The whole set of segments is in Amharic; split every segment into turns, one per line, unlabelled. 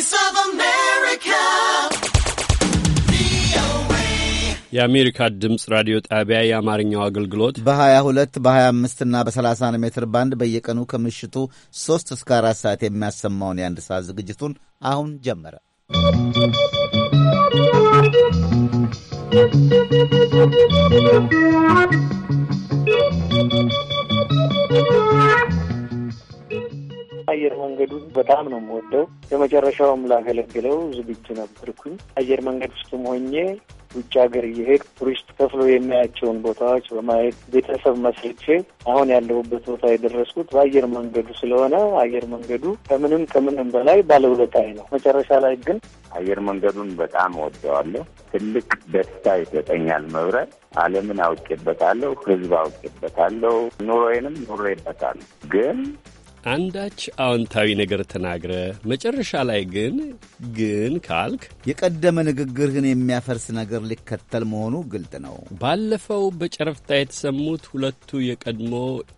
Voice of America.
የአሜሪካ ድምፅ ራዲዮ ጣቢያ የአማርኛው አገልግሎት በ22 በ25 እና በ30 ሜትር ባንድ በየቀኑ ከምሽቱ 3 እስከ 4 ሰዓት የሚያሰማውን የአንድ ሰዓት ዝግጅቱን አሁን ጀመረ። ¶¶
አየር መንገዱ በጣም ነው የምወደው። የመጨረሻውም ላገለግለው ዝግጁ ነበርኩኝ። አየር መንገድ ውስጥም ሆኜ ውጭ ሀገር እየሄድ ቱሪስት ከፍሎ የሚያያቸውን ቦታዎች በማየት ቤተሰብ መስርቼ አሁን ያለሁበት ቦታ የደረስኩት በአየር መንገዱ ስለሆነ አየር መንገዱ ከምንም ከምንም በላይ ባለውለታዬ ነው። መጨረሻ ላይ ግን
አየር መንገዱን በጣም ወደዋለሁ። ትልቅ ደስታ ይሰጠኛል መብረር። ዓለምን አውቄበታለሁ፣ ሕዝብ አውቄበታለሁ፣ ኑሮዬንም ኑሬበታለሁ
ግን አንዳች አዎንታዊ ነገር ተናግረ መጨረሻ ላይ ግን
ግን ካልክ የቀደመ ንግግርህን የሚያፈርስ ነገር ሊከተል መሆኑ ግልጥ ነው።
ባለፈው በጨረፍታ የተሰሙት ሁለቱ የቀድሞ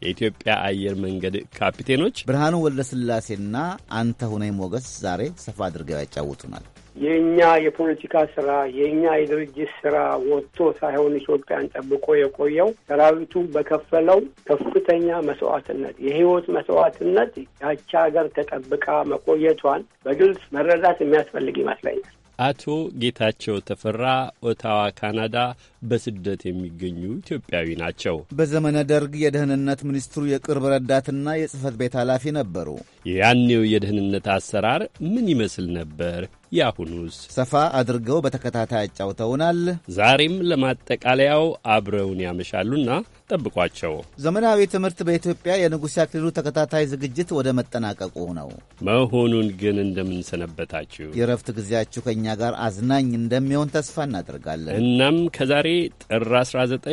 የኢትዮጵያ
አየር መንገድ ካፒቴኖች ብርሃኑ ወልደስላሴና አንተ ሁነኝ ሞገስ ዛሬ ሰፋ አድርገው ያጫውቱናል።
የእኛ የፖለቲካ ስራ የእኛ የድርጅት ስራ ወጥቶ ሳይሆን ኢትዮጵያን ጠብቆ የቆየው ሰራዊቱ በከፈለው ከፍተኛ መስዋዕትነት የህይወት መስዋዕትነት ያቺ ሀገር ተጠብቃ መቆየቷን በግልጽ መረዳት የሚያስፈልግ ይመስለኛል።
አቶ ጌታቸው ተፈራ ኦታዋ ካናዳ በስደት የሚገኙ ኢትዮጵያዊ ናቸው።
በዘመነ ደርግ የደህንነት ሚኒስትሩ የቅርብ ረዳትና የጽህፈት ቤት ኃላፊ ነበሩ።
ያኔው የደህንነት አሰራር ምን ይመስል ነበር? ያሁኑስ ሰፋ
አድርገው በተከታታይ አጫውተውናል።
ዛሬም ለማጠቃለያው አብረውን ያመሻሉና ጠብቋቸው።
ዘመናዊ ትምህርት በኢትዮጵያ የንጉሥ አክሊሉ ተከታታይ ዝግጅት ወደ መጠናቀቁ ነው
መሆኑን ግን እንደምንሰነበታችሁ
የእረፍት ጊዜያችሁ ከእኛ ጋር አዝናኝ እንደሚሆን ተስፋ እናደርጋለን።
እናም ከዛሬ ጥር 19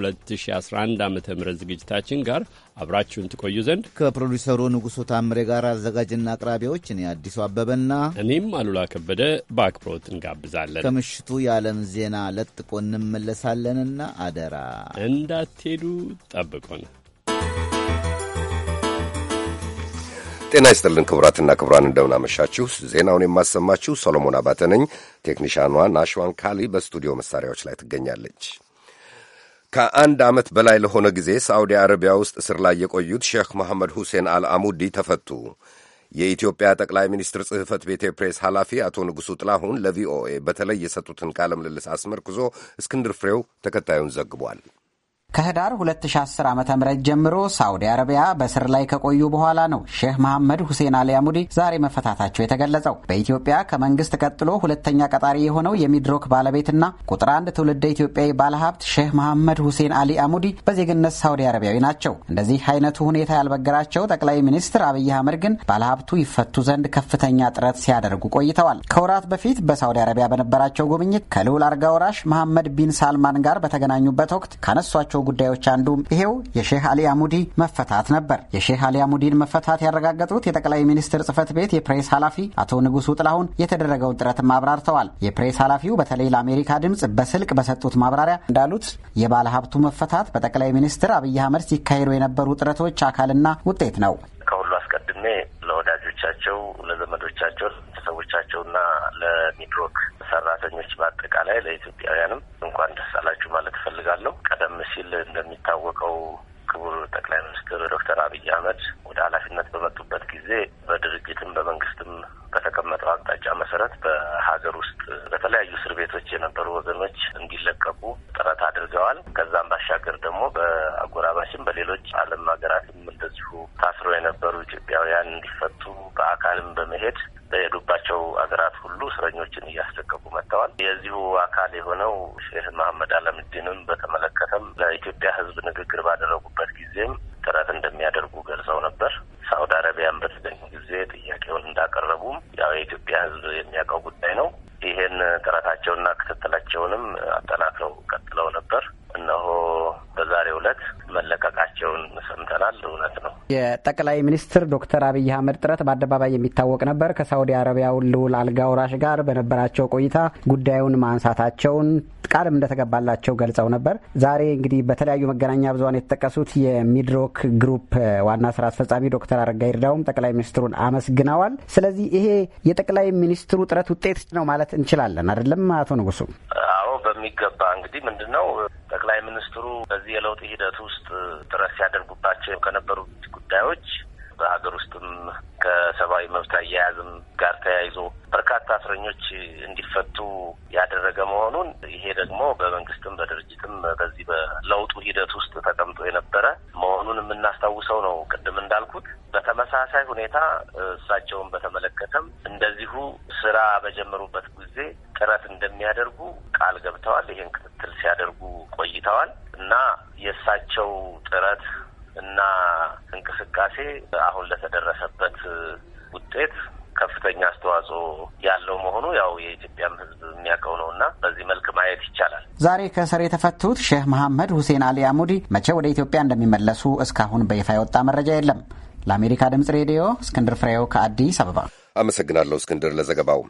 2011 ዓ ም ዝግጅታችን ጋር አብራችሁን
ትቆዩ ዘንድ ከፕሮዲሰሩ ንጉሱ ታምሬ ጋር አዘጋጅና አቅራቢዎች እኔ አዲሱ አበበና እኔም
አሉላ ከበደ በአክብሮት እንጋብዛለን። ከምሽቱ
የዓለም ዜና ለጥቆ እንመለሳለንና አደራ እንዳትሄዱ ጠብቁን።
ጤና ይስጥልን ክቡራትና ክቡራን፣ እንደምናመሻችሁ። ዜናውን የማሰማችሁ ሰሎሞን አባተ ነኝ። ቴክኒሻኗ ናሽዋን ካሊ በስቱዲዮ መሳሪያዎች ላይ ትገኛለች። ከአንድ ዓመት በላይ ለሆነ ጊዜ ሳዑዲ አረቢያ ውስጥ እስር ላይ የቆዩት ሼክ መሐመድ ሁሴን አልአሙዲ ተፈቱ። የኢትዮጵያ ጠቅላይ ሚኒስትር ጽሕፈት ቤት የፕሬስ ኃላፊ አቶ ንጉሡ ጥላሁን ለቪኦኤ በተለይ የሰጡትን ቃለ ምልልስ አስመርክዞ እስክንድር ፍሬው ተከታዩን ዘግቧል።
ከህዳር 2010 ዓ ም ጀምሮ ሳዑዲ አረቢያ በስር ላይ ከቆዩ በኋላ ነው ሼህ መሐመድ ሁሴን አሊ አሙዲ ዛሬ መፈታታቸው የተገለጸው። በኢትዮጵያ ከመንግስት ቀጥሎ ሁለተኛ ቀጣሪ የሆነው የሚድሮክ ባለቤትና ቁጥር አንድ ትውልደ ኢትዮጵያዊ ባለሀብት ሼህ መሐመድ ሁሴን አሊ አሙዲ በዜግነት ሳዑዲ አረቢያዊ ናቸው። እንደዚህ አይነቱ ሁኔታ ያልበገራቸው ጠቅላይ ሚኒስትር አብይ አህመድ ግን ባለሀብቱ ይፈቱ ዘንድ ከፍተኛ ጥረት ሲያደርጉ ቆይተዋል። ከወራት በፊት በሳውዲ አረቢያ በነበራቸው ጉብኝት ከልዑል አልጋ ወራሽ መሐመድ ቢን ሳልማን ጋር በተገናኙበት ወቅት ካነሷቸው ጉዳዮች አንዱም ይሄው የሼህ አሊ አሙዲ መፈታት ነበር። የሼህ አሊ አሙዲን መፈታት ያረጋገጡት የጠቅላይ ሚኒስትር ጽህፈት ቤት የፕሬስ ኃላፊ አቶ ንጉሱ ጥላሁን የተደረገውን ጥረትም አብራርተዋል። የፕሬስ ኃላፊው በተለይ ለአሜሪካ ድምፅ በስልክ በሰጡት ማብራሪያ እንዳሉት የባለ ሀብቱ መፈታት በጠቅላይ ሚኒስትር አብይ አህመድ ሲካሄዱ የነበሩ ጥረቶች አካልና ውጤት ነው።
ከሁሉ አስቀድሜ ለወዳጆቻቸው፣ ለዘመዶቻቸው፣ ለቤተሰቦቻቸውና ለሚድሮክ ሰራተኞች በአጠቃላይ ለኢትዮጵያውያንም እንኳን ደስ ሲል እንደሚታወቀው ክቡር ጠቅላይ ሚኒስትር ዶክተር አብይ አህመድ
ጠቅላይ ሚኒስትር ዶክተር አብይ አህመድ ጥረት በአደባባይ የሚታወቅ ነበር። ከሳውዲ አረቢያው ልዑል አልጋ ወራሽ ጋር በነበራቸው ቆይታ ጉዳዩን ማንሳታቸውን ቃልም እንደተገባላቸው ገልጸው ነበር። ዛሬ እንግዲህ በተለያዩ መገናኛ ብዙን የተጠቀሱት የሚድሮክ ግሩፕ ዋና ስራ አስፈጻሚ ዶክተር አረጋ ይርዳውም ጠቅላይ ሚኒስትሩን አመስግነዋል። ስለዚህ ይሄ የጠቅላይ ሚኒስትሩ ጥረት ውጤት ነው ማለት እንችላለን አይደለም? አቶ ንጉሱ?
አዎ በሚገባ እንግዲህ ምንድን ነው ጠቅላይ ሚኒስትሩ በዚህ የለውጥ ሂደት ውስጥ ጥረት ሲያደርጉባቸው ከነበሩት ጉዳዮች በሀገር ውስጥም ከሰብአዊ መብት አያያዝም ጋር ተያይዞ በርካታ እስረኞች እንዲፈቱ ያደረገ መሆኑን ይሄ ደግሞ በመንግስትም በድርጅትም በዚህ በለውጡ ሂደት ውስጥ ተቀምጦ የነበረ መሆኑን የምናስታውሰው ነው። ቅድም እንዳልኩት በተመሳሳይ ሁኔታ እሳቸውን በተመለከተም እንደዚሁ ስራ በጀመሩበት ጊዜ ጥረት እንደሚያደርጉ ቃል ገብተዋል። ይሄን ክትትል ሲያደርጉ ቆይተዋል እና የእሳቸው ጥረት እና እንቅስቃሴ አሁን ለተደረሰበት ውጤት ከፍተኛ አስተዋጽኦ ያለው መሆኑ ያው የኢትዮጵያም ሕዝብ የሚያውቀው ነው እና በዚህ መልክ ማየት ይቻላል።
ዛሬ ከእስር የተፈቱት ሼህ መሐመድ ሁሴን አሊ አሙዲ መቼ ወደ ኢትዮጵያ እንደሚመለሱ እስካሁን በይፋ የወጣ መረጃ የለም። ለአሜሪካ ድምጽ ሬዲዮ እስክንድር ፍሬው ከአዲስ አበባ
አመሰግናለሁ። እስክንድር ለዘገባው።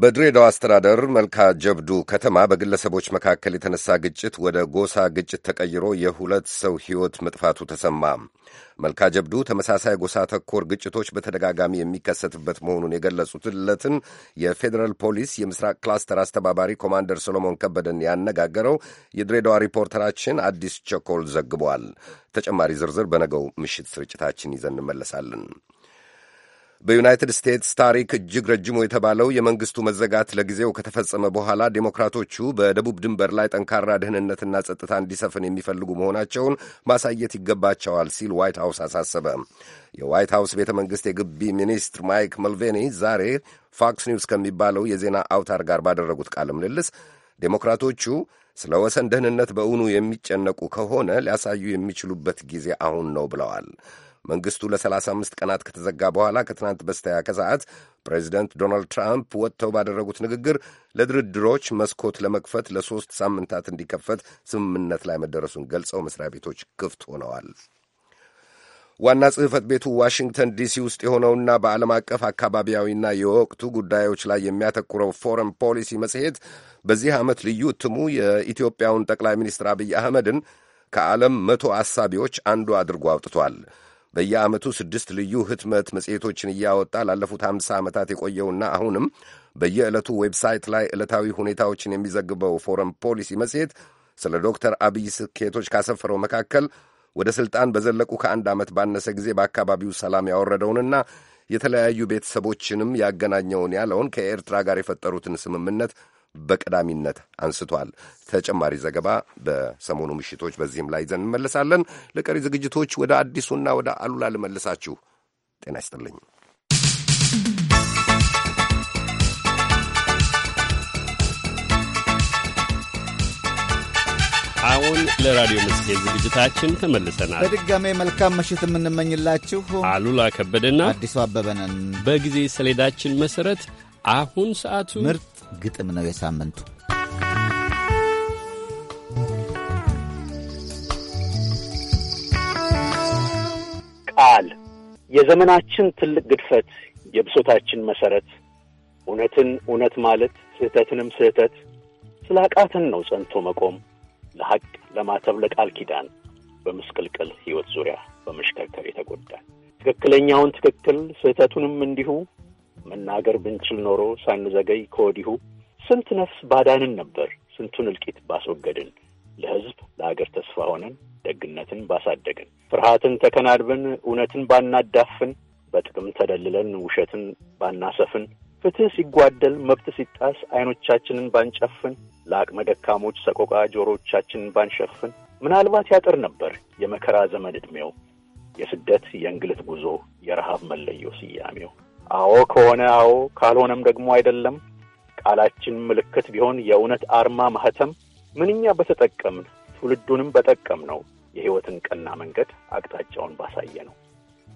በድሬዳዋ አስተዳደር መልካ ጀብዱ ከተማ በግለሰቦች መካከል የተነሳ ግጭት ወደ ጎሳ ግጭት ተቀይሮ የሁለት ሰው ሕይወት መጥፋቱ ተሰማ። መልካ ጀብዱ ተመሳሳይ ጎሳ ተኮር ግጭቶች በተደጋጋሚ የሚከሰትበት መሆኑን የገለጹትለትን የፌዴራል ፖሊስ የምስራቅ ክላስተር አስተባባሪ ኮማንደር ሰሎሞን ከበደን ያነጋገረው የድሬዳዋ ሪፖርተራችን አዲስ ቸኮል ዘግቧል። ተጨማሪ ዝርዝር በነገው ምሽት ስርጭታችን ይዘን እንመለሳለን። በዩናይትድ ስቴትስ ታሪክ እጅግ ረጅሙ የተባለው የመንግስቱ መዘጋት ለጊዜው ከተፈጸመ በኋላ ዴሞክራቶቹ በደቡብ ድንበር ላይ ጠንካራ ደህንነትና ጸጥታ እንዲሰፍን የሚፈልጉ መሆናቸውን ማሳየት ይገባቸዋል ሲል ዋይት ሀውስ አሳሰበ። የዋይት ሀውስ ቤተ መንግሥት የግቢ ሚኒስትር ማይክ መልቬኒ ዛሬ ፎክስ ኒውስ ከሚባለው የዜና አውታር ጋር ባደረጉት ቃለ ምልልስ ዴሞክራቶቹ ስለ ወሰን ደህንነት በእውኑ የሚጨነቁ ከሆነ ሊያሳዩ የሚችሉበት ጊዜ አሁን ነው ብለዋል። መንግስቱ ለ35 ቀናት ከተዘጋ በኋላ ከትናንት በስተያ ከሰዓት ፕሬዚደንት ዶናልድ ትራምፕ ወጥተው ባደረጉት ንግግር ለድርድሮች መስኮት ለመክፈት ለሦስት ሳምንታት እንዲከፈት ስምምነት ላይ መደረሱን ገልጸው መስሪያ ቤቶች ክፍት ሆነዋል። ዋና ጽሕፈት ቤቱ ዋሽንግተን ዲሲ ውስጥ የሆነውና በዓለም አቀፍ አካባቢያዊና የወቅቱ ጉዳዮች ላይ የሚያተኩረው ፎረን ፖሊሲ መጽሔት በዚህ ዓመት ልዩ እትሙ የኢትዮጵያውን ጠቅላይ ሚኒስትር አብይ አህመድን ከዓለም መቶ አሳቢዎች አንዱ አድርጎ አውጥቷል። በየዓመቱ ስድስት ልዩ ህትመት መጽሔቶችን እያወጣ ላለፉት አምሳ ዓመታት የቆየውና አሁንም በየዕለቱ ዌብሳይት ላይ ዕለታዊ ሁኔታዎችን የሚዘግበው ፎረም ፖሊሲ መጽሔት ስለ ዶክተር አብይ ስኬቶች ካሰፈረው መካከል ወደ ሥልጣን በዘለቁ ከአንድ ዓመት ባነሰ ጊዜ በአካባቢው ሰላም ያወረደውንና የተለያዩ ቤተሰቦችንም ያገናኘውን ያለውን ከኤርትራ ጋር የፈጠሩትን ስምምነት በቀዳሚነት አንስቷል። ተጨማሪ ዘገባ በሰሞኑ ምሽቶች በዚህም ላይ ይዘን እንመለሳለን። ለቀሪ ዝግጅቶች ወደ አዲሱና ወደ አሉላ ልመልሳችሁ። ጤና ይስጥልኝ።
አሁን ለራዲዮ መጽሔት ዝግጅታችን ተመልሰናል።
በድጋሜ መልካም ምሽት የምንመኝላችሁ
አሉላ ከበደና አዲሱ አበበ ነን። በጊዜ ሰሌዳችን መሠረት
አሁን ሰዓቱ ምርጥ ግጥም ነው የሳምንቱ።
ቃል የዘመናችን ትልቅ ግድፈት፣ የብሶታችን መሰረት እውነትን እውነት ማለት ስህተትንም ስህተት ስለ ነው ጸንቶ መቆም ለሐቅ ለማተብ ለቃል ኪዳን በምስቅልቅል ሕይወት ዙሪያ በመሽከርከር የተጎዳን ትክክለኛውን ትክክል ስህተቱንም እንዲሁ መናገር ብንችል ኖሮ ሳንዘገይ ከወዲሁ ስንት ነፍስ ባዳንን ነበር፣ ስንቱን እልቂት ባስወገድን፣ ለሕዝብ ለአገር ተስፋ ሆነን ደግነትን ባሳደግን፣ ፍርሃትን ተከናድበን እውነትን ባናዳፍን፣ በጥቅም ተደልለን ውሸትን ባናሰፍን፣ ፍትሕ ሲጓደል መብት ሲጣስ ዐይኖቻችንን ባንጨፍን፣ ለአቅመ ደካሞች ሰቆቃ ጆሮቻችንን ባንሸፍን፣ ምናልባት ያጥር ነበር የመከራ ዘመን ዕድሜው የስደት የእንግልት ጉዞ የረሃብ መለዮ ስያሜው። አዎ ከሆነ አዎ፣ ካልሆነም ደግሞ አይደለም። ቃላችን ምልክት ቢሆን የእውነት አርማ ማህተም ምንኛ በተጠቀምን ትውልዱንም በጠቀም ነው። የሕይወትን ቀና መንገድ አቅጣጫውን ባሳየ ነው።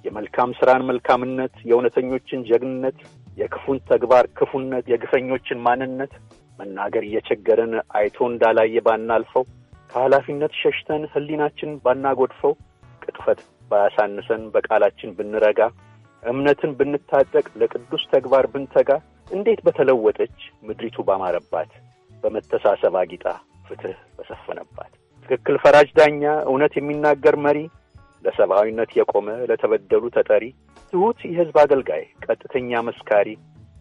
የመልካም ሥራን መልካምነት፣ የእውነተኞችን ጀግንነት፣ የክፉን ተግባር ክፉነት፣ የግፈኞችን ማንነት መናገር እየቸገረን አይቶ እንዳላየ ባናልፈው፣ ከኃላፊነት ሸሽተን ሕሊናችን ባናጎድፈው፣ ቅጥፈት ባያሳንሰን በቃላችን ብንረጋ እምነትን ብንታጠቅ፣ ለቅዱስ ተግባር ብንተጋ እንዴት በተለወጠች ምድሪቱ ባማረባት፣ በመተሳሰብ አጊጣ፣ ፍትህ በሰፈነባት፣ ትክክል ፈራጅ ዳኛ፣ እውነት የሚናገር መሪ፣ ለሰብአዊነት የቆመ ለተበደሉ ተጠሪ፣ ትሑት የሕዝብ አገልጋይ፣ ቀጥተኛ መስካሪ፣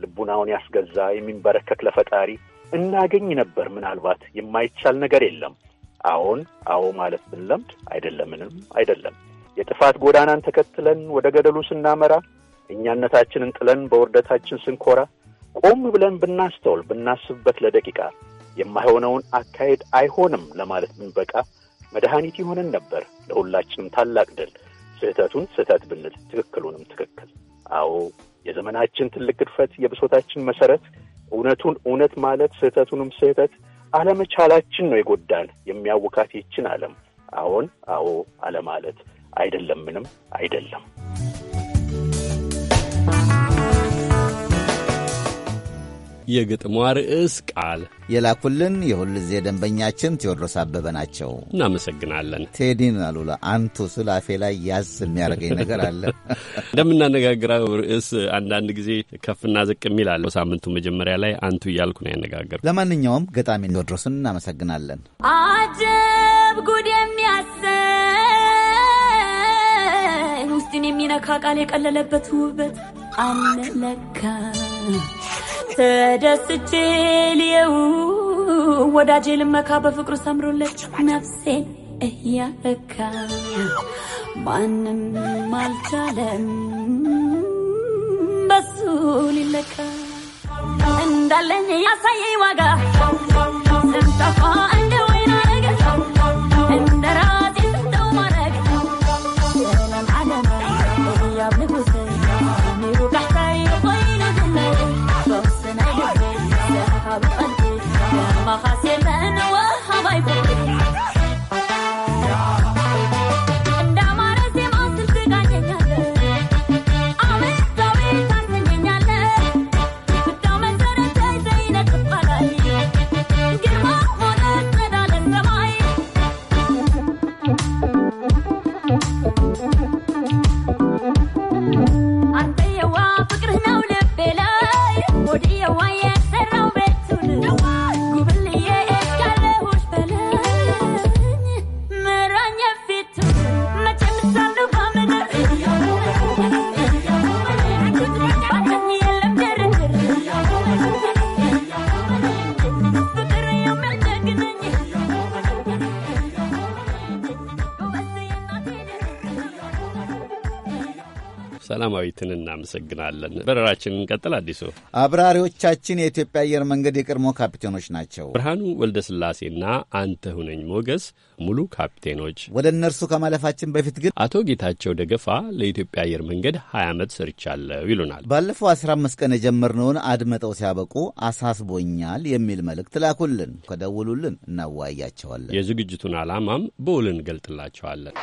ልቡናውን ያስገዛ የሚንበረከክ ለፈጣሪ እናገኝ ነበር ምናልባት የማይቻል ነገር የለም። አዎን አዎ ማለት ብንለምድ አይደለምንም አይደለም የጥፋት ጎዳናን ተከትለን ወደ ገደሉ ስናመራ እኛነታችንን ጥለን በውርደታችን ስንኮራ ቆም ብለን ብናስተውል፣ ብናስብበት ለደቂቃ የማይሆነውን አካሄድ አይሆንም ለማለት ብንበቃ መድኃኒት ይሆነን ነበር ለሁላችንም ታላቅ ድል። ስህተቱን ስህተት ብንል ትክክሉንም ትክክል። አዎ የዘመናችን ትልቅ ግድፈት፣ የብሶታችን መሰረት እውነቱን እውነት ማለት ስህተቱንም ስህተት አለመቻላችን ነው የጎዳን የሚያውካት ይችን አለም አዎን አዎ አለማለት አይደለም ምንም
አይደለም። የግጥሟ ርዕስ ቃል የላኩልን የሁል ጊዜ ደንበኛችን ቴዎድሮስ አበበ ናቸው። እናመሰግናለን። ቴዲን አሉላ አንቱ ስል አፌ ላይ ያዝ የሚያደርገኝ ነገር አለ።
እንደምናነጋግረው ርዕስ አንዳንድ ጊዜ ከፍና ዝቅ የሚል አለ። ሳምንቱ መጀመሪያ ላይ አንቱ እያልኩ ነው ያነጋገር።
ለማንኛውም ገጣሚ ቴዎድሮስን እናመሰግናለን።
አጀብ ጉድ የሚያሰብ ልብን የሚነካ ቃል የቀለለበት ውበት አለ ለካ። ተደስቼ ልየው ወዳጄ ልመካ በፍቅሩ ሰምሮለች ነፍሴን እያለካ ማንም አልቻለም በሱ ሊለካ እንዳለኝ ያሳየኝ ዋጋ ስንጠፋ እንደው
ሰላማዊትን እናመሰግናለን። በረራችን እንቀጥል። አዲሱ
አብራሪዎቻችን የኢትዮጵያ አየር መንገድ የቀድሞ ካፒቴኖች ናቸው፣
ብርሃኑ ወልደ ስላሴና አንተ ሁነኝ ሞገስ ሙሉ ካፒቴኖች። ወደ እነርሱ ከማለፋችን በፊት ግን አቶ ጌታቸው ደገፋ ለኢትዮጵያ አየር መንገድ 20 ዓመት ሰርቻለሁ ይሉናል።
ባለፈው 15 ቀን የጀመርነውን አድመጠው ሲያበቁ አሳስቦኛል የሚል መልእክት ላኩልን። ከደውሉልን እናዋያቸዋለን።
የዝግጅቱን ዓላማም በውል እንገልጥላቸዋለን።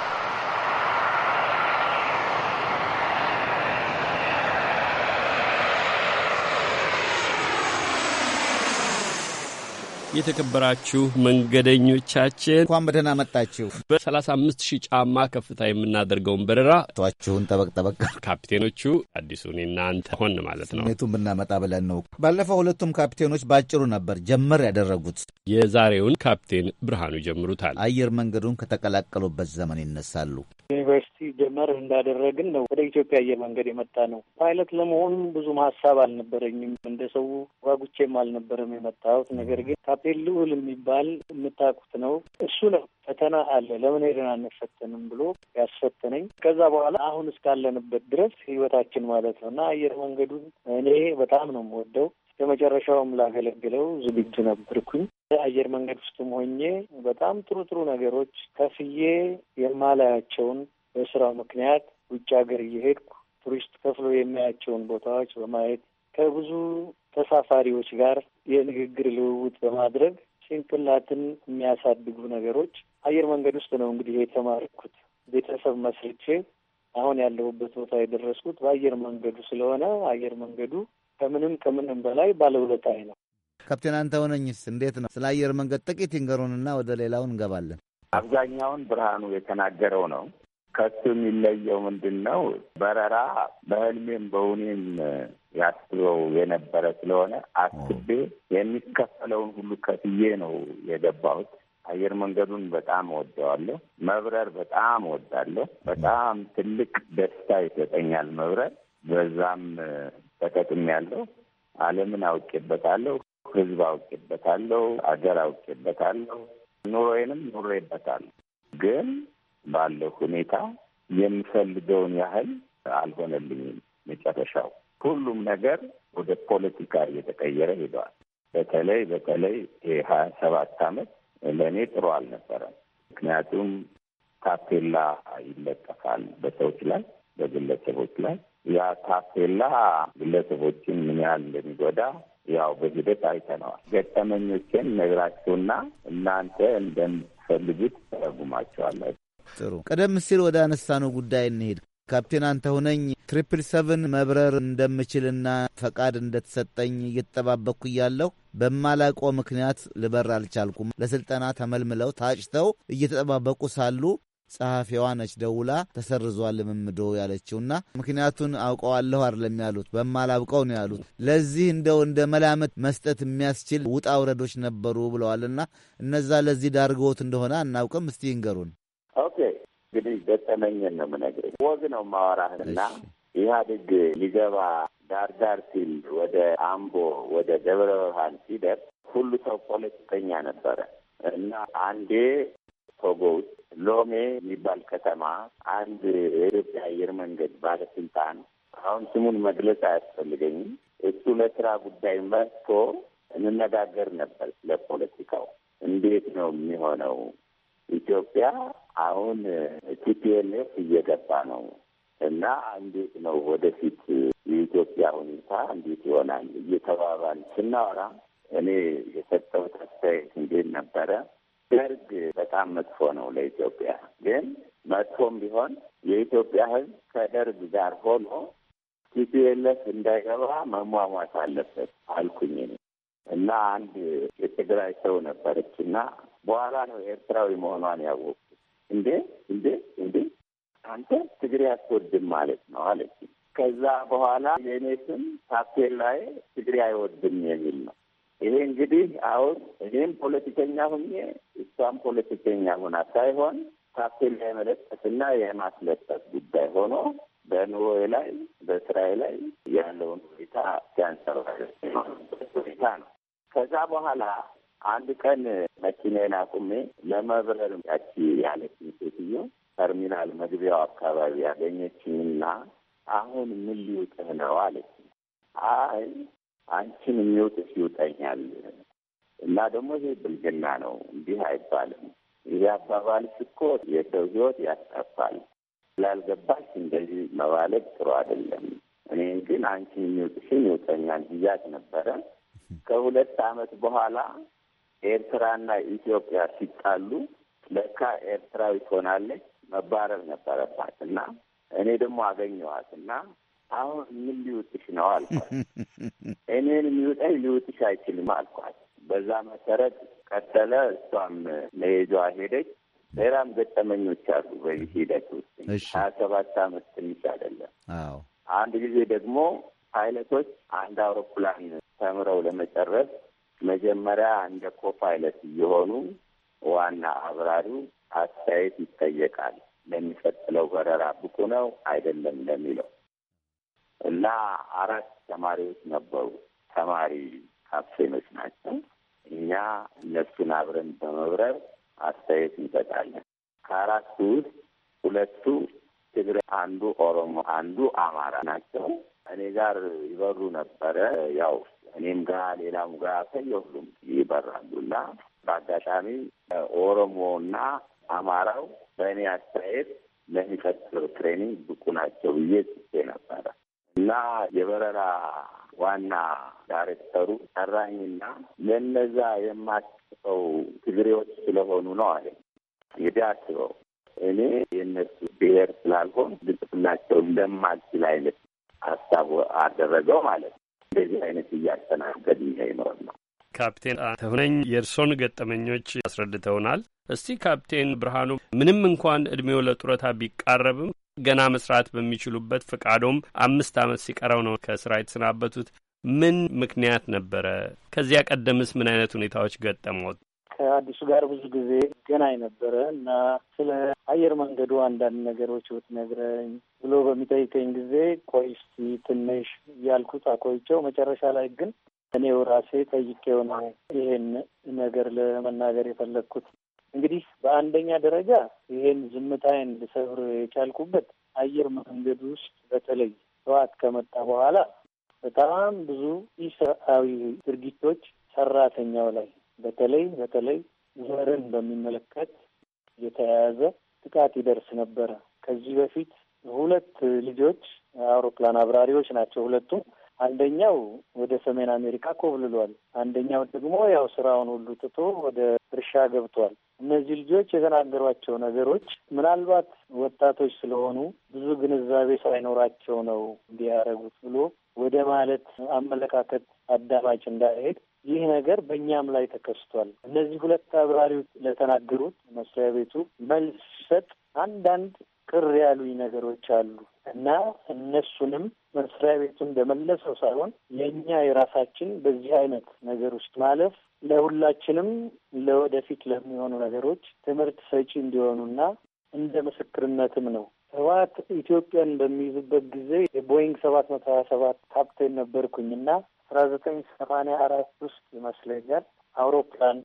የተከበራችሁ መንገደኞቻችን
እንኳን በደህና መጣችሁ።
በ35 ሺህ ጫማ ከፍታ የምናደርገውን በረራ ቷችሁን ጠበቅ ጠበቅ ካፕቴኖቹ አዲሱ እኔና አንተ ሆን ማለት ነው። ስሜቱን
ብናመጣ ብለን ነው። ባለፈው ሁለቱም ካፕቴኖች ባጭሩ ነበር ጀመር ያደረጉት። የዛሬውን ካፕቴን ብርሃኑ ይጀምሩታል። አየር መንገዱን ከተቀላቀሉበት ዘመን ይነሳሉ።
ዩኒቨርሲቲ ጀመር እንዳደረግን ነው ወደ ኢትዮጵያ አየር መንገድ የመጣ ነው። ፓይለት ለመሆኑ ብዙም ሀሳብ አልነበረኝም። እንደ ሰው ጓጉቼም አልነበረም የመጣሁት። ነገር ግን ካፔል ልዑል የሚባል የምታውቁት ነው። እሱ ነው ፈተና አለ ለምን ሄደን አንፈተንም ብሎ ያስፈተነኝ። ከዛ በኋላ አሁን እስካለንበት ድረስ ህይወታችን ማለት ነው እና አየር መንገዱን እኔ በጣም ነው የምወደው። የመጨረሻውም ላገለግለው ዝግጁ ነበርኩኝ። አየር መንገድ ውስጥም ሆኜ በጣም ጥሩ ጥሩ ነገሮች ከፍዬ የማላያቸውን በስራው ምክንያት ውጭ ሀገር እየሄድኩ ቱሪስት ከፍሎ የሚያያቸውን ቦታዎች በማየት ከብዙ ተሳፋሪዎች ጋር የንግግር ልውውጥ በማድረግ ጭንቅላትን የሚያሳድጉ ነገሮች አየር መንገድ ውስጥ ነው እንግዲህ የተማርኩት። ቤተሰብ መስርቼ አሁን ያለሁበት ቦታ የደረስኩት በአየር መንገዱ ስለሆነ አየር መንገዱ ከምንም ከምንም በላይ ባለውለታዬ ነው።
ካፕቴን ሆነኝስ እንዴት ነው? ስለ አየር መንገድ ጥቂት ይንገሩንና ወደ ሌላው እንገባለን።
አብዛኛውን ብርሃኑ የተናገረው ነው። ከሱ የሚለየው ምንድን ነው? በረራ በህልሜም በሁኔም ያስበው የነበረ ስለሆነ አስቤ የሚከፈለውን ሁሉ ከፍዬ ነው የገባሁት። አየር መንገዱን በጣም ወደዋለሁ። መብረር በጣም ወዳለሁ። በጣም ትልቅ ደስታ ይሰጠኛል መብረር። በዛም ተጠቅሜያለሁ። ዓለምን አውቄበታለሁ። ህዝብ አውቄበታለሁ፣ አገር አውቄበታለሁ፣ ኑሮዬንም ኑሬበታለሁ። ግን ባለው ሁኔታ የምፈልገውን ያህል አልሆነልኝም። መጨረሻው ሁሉም ነገር ወደ ፖለቲካ እየተቀየረ ሄደዋል። በተለይ በተለይ የሀያ ሰባት አመት ለእኔ ጥሩ አልነበረም። ምክንያቱም ታፔላ ይለጠፋል በሰዎች ላይ በግለሰቦች ላይ ያ ታፔላ ግለሰቦችን ምን ያህል እንደሚጎዳ ያው በሂደት አይተነዋል። ገጠመኞችን ነግራችሁና እናንተ እንደምትፈልጉት ተረጉማቸዋላችሁ።
ጥሩ። ቀደም ሲል ወደ አነሳነው ጉዳይ እንሄድ። ካፕቴን አንተ ሁነኝ ትሪፕል ሰቨን መብረር እንደምችልና ፈቃድ እንደተሰጠኝ እየተጠባበቅኩ እያለሁ በማላውቀው ምክንያት ልበር አልቻልኩም። ለስልጠና ተመልምለው ታጭተው እየተጠባበቁ ሳሉ ጸሐፊዋ ነች ደውላ ተሰርዟል ልምምዶ ያለችውና ምክንያቱን አውቀዋለሁ አይደለም ያሉት በማላውቀው ነው ያሉት። ለዚህ እንደው እንደ መላመት መስጠት የሚያስችል ውጣ ውረዶች ነበሩ ብለዋልና እነዛ ለዚህ ዳርገውት እንደሆነ አናውቅም። እስቲ ይንገሩን።
ኦኬ እንግዲህ ገጠመኝን ነው የምነግርህ። ወግ ነው ማወራህና ኢህአዴግ ሊገባ ዳርዳር ሲል ወደ አምቦ ወደ ደብረ ብርሃን ሲደርስ ሁሉ ሰው ፖለቲከኛ ነበረ እና አንዴ ቶጎ ውስጥ ሎሜ የሚባል ከተማ አንድ የኢትዮጵያ አየር መንገድ ባለስልጣን አሁን ስሙን መግለጽ አያስፈልገኝም። እሱ ለስራ ጉዳይ መጥቶ እንነጋገር ነበር ለፖለቲካው እንዴት ነው የሚሆነው? ኢትዮጵያ አሁን ቲፒኤልኤፍ እየገባ ነው እና እንዴት ነው ወደፊት የኢትዮጵያ ሁኔታ እንዴት ይሆናል? እየተባባል ስናወራ እኔ የሰጠሁት አስተያየት እንዴት ነበረ? ደርግ በጣም መጥፎ ነው ለኢትዮጵያ። ግን መጥፎም ቢሆን የኢትዮጵያ ሕዝብ ከደርግ ጋር ሆኖ ቲፒኤልኤፍ እንዳይገባ መሟሟት አለበት አልኩኝ እና አንድ የትግራይ ሰው ነበረች እና በኋላ ነው ኤርትራዊ መሆኗን ያወቅኩት። እንዴ እንዴ እንዴ አንተ ትግሬ አትወድም ማለት ነው አለች። ከዛ በኋላ የኔ ስም ታፔላዬ ትግሬ አይወድም የሚል ነው። ይሄ እንግዲህ አሁን እኔም ፖለቲከኛ ሁኜ እሷም ፖለቲከኛ ሆና ሳይሆን ታፔላ የመለጠፍና የማስለጠፍ ጉዳይ ሆኖ በኑሮዬ ላይ በስራዬ ላይ ያለውን ሁኔታ ሲያንሰራበት ሁኔታ ነው። ከዛ በኋላ አንድ ቀን መኪናዬን አቁሜ ለመብረር ያቺ ያለችኝ ሴትዮ ተርሚናል መግቢያው አካባቢ ያገኘችኝና አሁን ምን ሊውጥህ ነው አለችኝ። አይ አንቺን የሚወጥ ይውጠኛል እና ደግሞ ይሄ ብልግና ነው። እንዲህ አይባልም። ይህ አባባልሽ እኮ የሰው ህይወት ያስጠፋል። ስላልገባሽ እንደዚህ መባለግ ጥሩ አይደለም። እኔ ግን አንቺን የሚወጥሽን ይውጠኛል ብያት ነበረ። ከሁለት አመት በኋላ ኤርትራና ኢትዮጵያ ሲጣሉ ለካ ኤርትራዊ ትሆናለች መባረር ነበረባት እና እኔ ደግሞ አገኘኋት እና አሁን ምን ሊውጥሽ ነው አልኳት። እኔን የሚውጠኝ ሊውጥሽ አይችልም አልኳት። በዛ መሰረት ቀጠለ። እሷም መሄዷ ሄደች። ሌላም ገጠመኞች አሉ በዚህ ሂደት ውስጥ ሀያ ሰባት አመት ትንሽ አይደለም። አንድ ጊዜ ደግሞ ፓይለቶች አንድ አውሮፕላን ተምረው ለመጨረስ መጀመሪያ እንደ ኮፓይለት እየሆኑ ዋና አብራሪው አስተያየት ይጠየቃል። ለሚቀጥለው በረራ ብቁ ነው አይደለም ለሚለው እና አራት ተማሪዎች ነበሩ። ተማሪ ካፕቴኖች ናቸው። እኛ እነሱን አብረን በመብረር አስተያየት እንሰጣለን። ከአራቱ ውስጥ ሁለቱ ትግሬ፣ አንዱ ኦሮሞ፣ አንዱ አማራ ናቸው። እኔ ጋር ይበሩ ነበረ። ያው እኔም ጋር ሌላም ጋር ከየሁሉም ይበራሉ እና በአጋጣሚ ኦሮሞና አማራው በእኔ አስተያየት ለሚቀጥለው ትሬኒንግ ብቁ ናቸው ብዬ ጽፌ ነበረ። እና የበረራ ዋና ዳይሬክተሩ ጠራኝና ለነዛ የማስበው ትግሬዎች ስለሆኑ ነው አለ። እንግዲህ አስበው እኔ የእነሱ ብሔር ስላልሆን ልጽፍላቸው እንደማልችል አይነት ሀሳብ አደረገው ማለት ነው። እንደዚህ አይነት እያስተናገድ
ይኖር ነው ነው። ካፕቴን ተሁነኝ የእርሶን ገጠመኞች አስረድተውናል። እስቲ ካፕቴን ብርሃኑ ምንም እንኳን እድሜው ለጡረታ ቢቃረብም ገና መስራት በሚችሉበት ፈቃዶም አምስት ዓመት ሲቀረው ነው ከስራ የተሰናበቱት። ምን ምክንያት ነበረ? ከዚያ ቀደምስ ምን አይነት ሁኔታዎች ገጠሙት?
ከአዲሱ ጋር ብዙ ጊዜ ገናኝ ነበረ እና ስለ አየር መንገዱ አንዳንድ ነገሮች ብትነግረኝ ብሎ በሚጠይቀኝ ጊዜ ቆይ ትንሽ እያልኩት አቆይቼው መጨረሻ ላይ ግን እኔው ራሴ ጠይቄው ነው ይሄን ነገር ለመናገር የፈለግኩት። እንግዲህ በአንደኛ ደረጃ ይሄን ዝምታዬን ልሰብር የቻልኩበት አየር መንገድ ውስጥ በተለይ ህወሓት ከመጣ በኋላ በጣም ብዙ ኢሰብአዊ ድርጊቶች ሰራተኛው ላይ በተለይ በተለይ ዘርን በሚመለከት የተያያዘ ጥቃት ይደርስ ነበረ። ከዚህ በፊት ሁለት ልጆች አውሮፕላን አብራሪዎች ናቸው ሁለቱም። አንደኛው ወደ ሰሜን አሜሪካ ኮብልሏል። አንደኛው ደግሞ ያው ስራውን ሁሉ ትቶ ወደ እርሻ ገብቷል። እነዚህ ልጆች የተናገሯቸው ነገሮች ምናልባት ወጣቶች ስለሆኑ ብዙ ግንዛቤ ሳይኖራቸው ነው እንዲያደረጉት ብሎ ወደ ማለት አመለካከት አዳማጭ እንዳይሄድ ይህ ነገር በእኛም ላይ ተከስቷል። እነዚህ ሁለት አብራሪዎች ለተናገሩት መስሪያ ቤቱ መልስ ሲሰጥ አንዳንድ ቅር ያሉኝ ነገሮች አሉ እና እነሱንም መስሪያ ቤቱን በመለሰው ሳይሆን የእኛ የራሳችን በዚህ አይነት ነገር ውስጥ ማለፍ ለሁላችንም ለወደፊት ለሚሆኑ ነገሮች ትምህርት ሰጪ እንዲሆኑና እንደ ምስክርነትም ነው። ህወሓት ኢትዮጵያን በሚይዝበት ጊዜ የቦይንግ ሰባት መቶ ሀያ ሰባት ካፕቴን ነበርኩኝና አስራ ዘጠኝ ሰማንያ አራት ውስጥ ይመስለኛል አውሮፕላን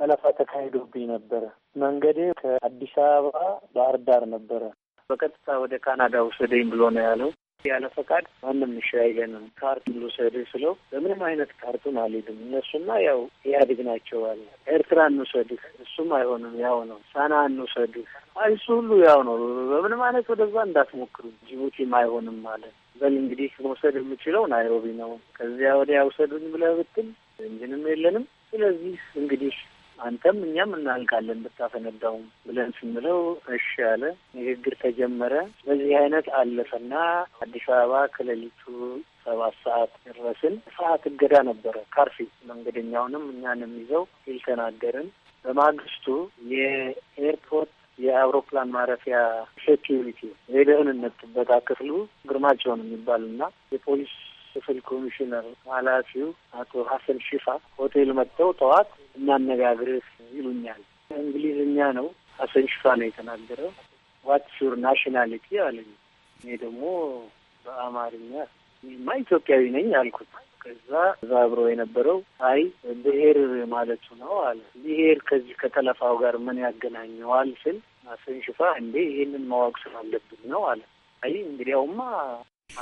ጠለፋ ተካሂዶብኝ ነበረ። መንገዴ ከአዲስ አበባ ባህር ዳር ነበረ። በቀጥታ ወደ ካናዳ ውሰደኝ ብሎ ነው ያለው። ያለ ፈቃድ ማንም እሺ አይለንም። ካርቱን ልውሰድህ ስለው በምንም አይነት ካርቱን አልሄድም። እነሱማ ያው ኢህአዴግ ናቸው አለ። ኤርትራ እንውሰድህ፣ እሱም አይሆንም፣ ያው ነው። ሳና እንውሰድህ፣ አይሱ ሁሉ ያው ነው። በምንም አይነት ወደዛ እንዳትሞክሩ፣ ጅቡቲም አይሆንም ማለት በል እንግዲህ መውሰድ የምችለው ናይሮቢ ነው። ከዚያ ወዲያ ውሰዱኝ ብለህ ብትል እንጂንም የለንም። ስለዚህ እንግዲህ አንተም እኛም እናልቃለን ብታፈነዳውም ብለን ስንለው እሺ አለ። ንግግር ተጀመረ። በዚህ አይነት አለፈና አዲስ አበባ ከሌሊቱ ሰባት ሰዓት ደረስን። ሰዓት እገዳ ነበረ ካርፊ መንገደኛውንም እኛንም ይዘው ሂልተን አደርን። በማግስቱ የኤርፖርት የአውሮፕላን ማረፊያ ሴኪሪቲ የደህንነት ጥበቃ ክፍሉ ግርማቸውን የሚባል የሚባልና የፖሊስ ክፍል ኮሚሽነር ኃላፊው አቶ ሀሰን ሺፋ ሆቴል መጥተው ጠዋት እናነጋግርህ ይሉኛል። እንግሊዝኛ ነው። ሀሰን ሺፋ ነው የተናገረው። ዋት ናሽናሊቲ አለኝ። እኔ ደግሞ በአማርኛ እኔማ ኢትዮጵያዊ ነኝ አልኩት። ከዛ እዛ አብሮ የነበረው አይ ብሔር ማለቱ ነው አለ። ብሄር ከዚህ ከጠለፋው ጋር ምን ያገናኘዋል ስል ሀሰን እንዴ ይህንን ማወቅ ስላለብን ነው አለ። አይ እንግዲያውማ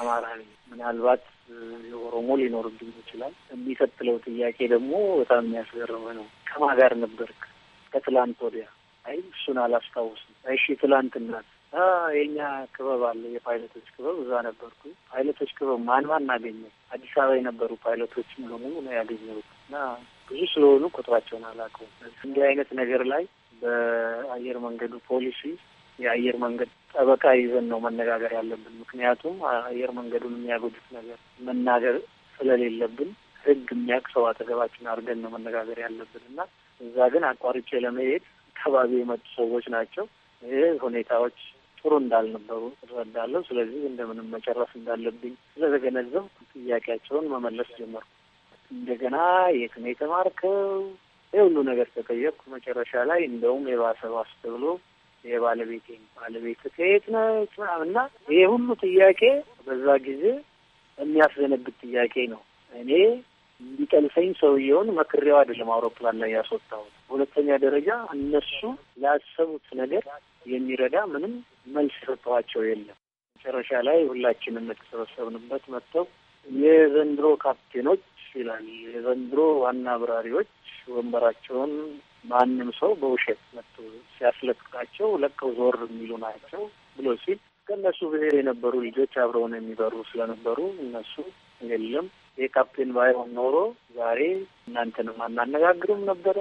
አማራ ምናልባት የኦሮሞ ሊኖርብኝ ይችላል። የሚቀጥለው ጥያቄ ደግሞ በጣም የሚያስገርመ ነው። ከማ ጋር ነበርክ? ከትላንት ወዲያ? አይ እሱን አላስታውስም። እሺ ትላንት እናት የኛ ክበብ አለ፣ የፓይለቶች ክበብ እዛ ነበርኩ። ፓይለቶች ክበብ ማን ማን አገኘ? አዲስ አበባ የነበሩ ፓይለቶችም ለሙሉ ነው ያገኘሁት እና ብዙ ስለሆኑ ቁጥራቸውን አላውቀውም። እንዲህ አይነት ነገር ላይ በአየር መንገዱ ፖሊሲ የአየር መንገድ ጠበቃ ይዘን ነው መነጋገር ያለብን። ምክንያቱም አየር መንገዱን የሚያጎዱት ነገር መናገር ስለሌለብን ህግ የሚያውቅ ሰው አጠገባችን አድርገን ነው መነጋገር ያለብን እና እዛ ግን አቋርጬ ለመሄድ አካባቢ የመጡ ሰዎች ናቸው። ይህ ሁኔታዎች ጥሩ እንዳልነበሩ እረዳለሁ። ስለዚህ እንደምንም መጨረስ እንዳለብኝ ስለተገነዘብ ጥያቄያቸውን መመለስ ጀመርኩ። እንደገና የት ነው የተማርከው? ይህ ሁሉ ነገር ተጠየቅኩ። መጨረሻ ላይ እንደውም የባሰ ባስ ተብሎ የባለቤቴ ባለቤት ከየት ነች ምናምን እና ይሄ ሁሉ ጥያቄ በዛ ጊዜ የሚያስዘነብት ጥያቄ ነው። እኔ እንዲጠልፈኝ ሰውየውን መክሬው አይደለም አውሮፕላን ላይ ያስወጣሁት። በሁለተኛ ደረጃ እነሱ ላሰቡት ነገር የሚረዳ ምንም መልስ ሰጥተዋቸው የለም። መጨረሻ ላይ ሁላችንም የተሰበሰብንበት መጥተው የዘንድሮ ካፕቴኖች ይላል የዘንድሮ ዋና አብራሪዎች ወንበራቸውን ማንም ሰው በውሸት መጥቶ ሲያስለቅቃቸው ለቀው ዞር የሚሉ ናቸው ብሎ ሲል ከእነሱ ብሔር የነበሩ ልጆች አብረውን የሚበሩ ስለነበሩ እነሱ የለም ይህ ካፕቴን ባይሆን ኖሮ ዛሬ እናንተንም አናነጋግርም ነበረ፣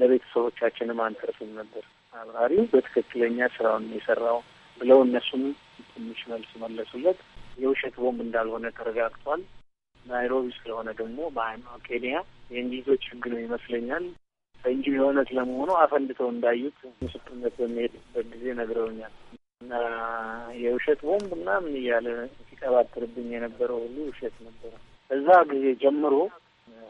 ለቤተሰቦቻችንም አንተርፍም ነበር። አብራሪው በትክክለኛ ስራውን የሰራው ብለው እነሱም ትንሽ መልስ መለሱለት። የውሸት ቦምብ እንዳልሆነ ተረጋግቷል። ናይሮቢ ስለሆነ ደግሞ በአይማ ኬንያ የእንግሊዞች ህግ ነው ይመስለኛል እንጂ የእውነት ለመሆኑ አፈንድተው እንዳዩት ምስክርነት በሚሄድበት ጊዜ ነግረውኛል። እና የውሸት ቦምብ ምናምን እያለ ሲቀባጥርብኝ የነበረው ሁሉ ውሸት ነበረ። እዛ ጊዜ ጀምሮ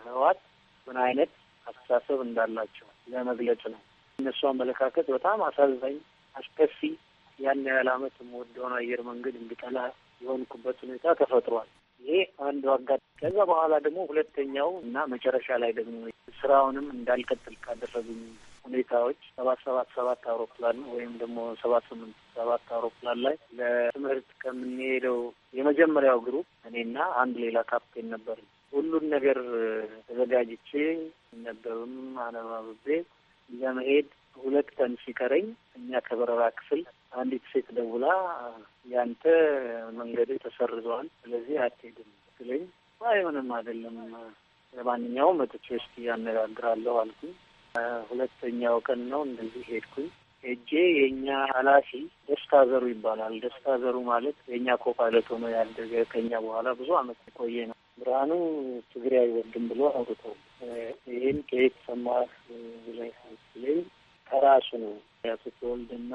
ህዋት ምን አይነት አስተሳሰብ እንዳላቸው ለመግለጽ ነው። እነሱ አመለካከት በጣም አሳዛኝ፣ አስከፊ ያን ያህል አመት የምወደውን አየር መንገድ እንድጠላ የሆንኩበት ሁኔታ ተፈጥሯል። ይሄ አንዱ አጋጣሚ። ከዛ በኋላ ደግሞ ሁለተኛው እና መጨረሻ ላይ ደግሞ ስራውንም እንዳልቀጥል ካደረጉኝ ሁኔታዎች ሰባት ሰባት ሰባት አውሮፕላን ወይም ደግሞ ሰባት ስምንት ሰባት አውሮፕላን ላይ ለትምህርት ከምንሄደው የመጀመሪያው ግሩፕ እኔና አንድ ሌላ ካፕቴን ነበር። ሁሉን ነገር ተዘጋጅቼ ነበብም አነባብቤ ለመሄድ ሁለት ቀን ሲቀረኝ እኛ ከበረራ ክፍል አንዲት ሴት ደውላ ያንተ መንገድ ተሰርዘዋል፣ ስለዚህ አትሄድም ስለኝ አይሆንም አይደለም፣ ለማንኛውም መጥቼ እስኪ ያነጋግራለሁ አልኩኝ። ሁለተኛው ቀን ነው እንደዚህ ሄድኩኝ። ሄጄ የእኛ ኃላፊ ደስታ ዘሩ ይባላል። ደስታ ዘሩ ማለት የእኛ ኮፓይለት ሆኖ ያደገ ከኛ በኋላ ብዙ አመት የቆየ ነው። ብርሃኑ ትግሬ አይወድም ብሎ አውርተው ይህን ከየት ሰማህ ብለህ ስትለኝ ከራሱ ነው ያቶ ተወልድና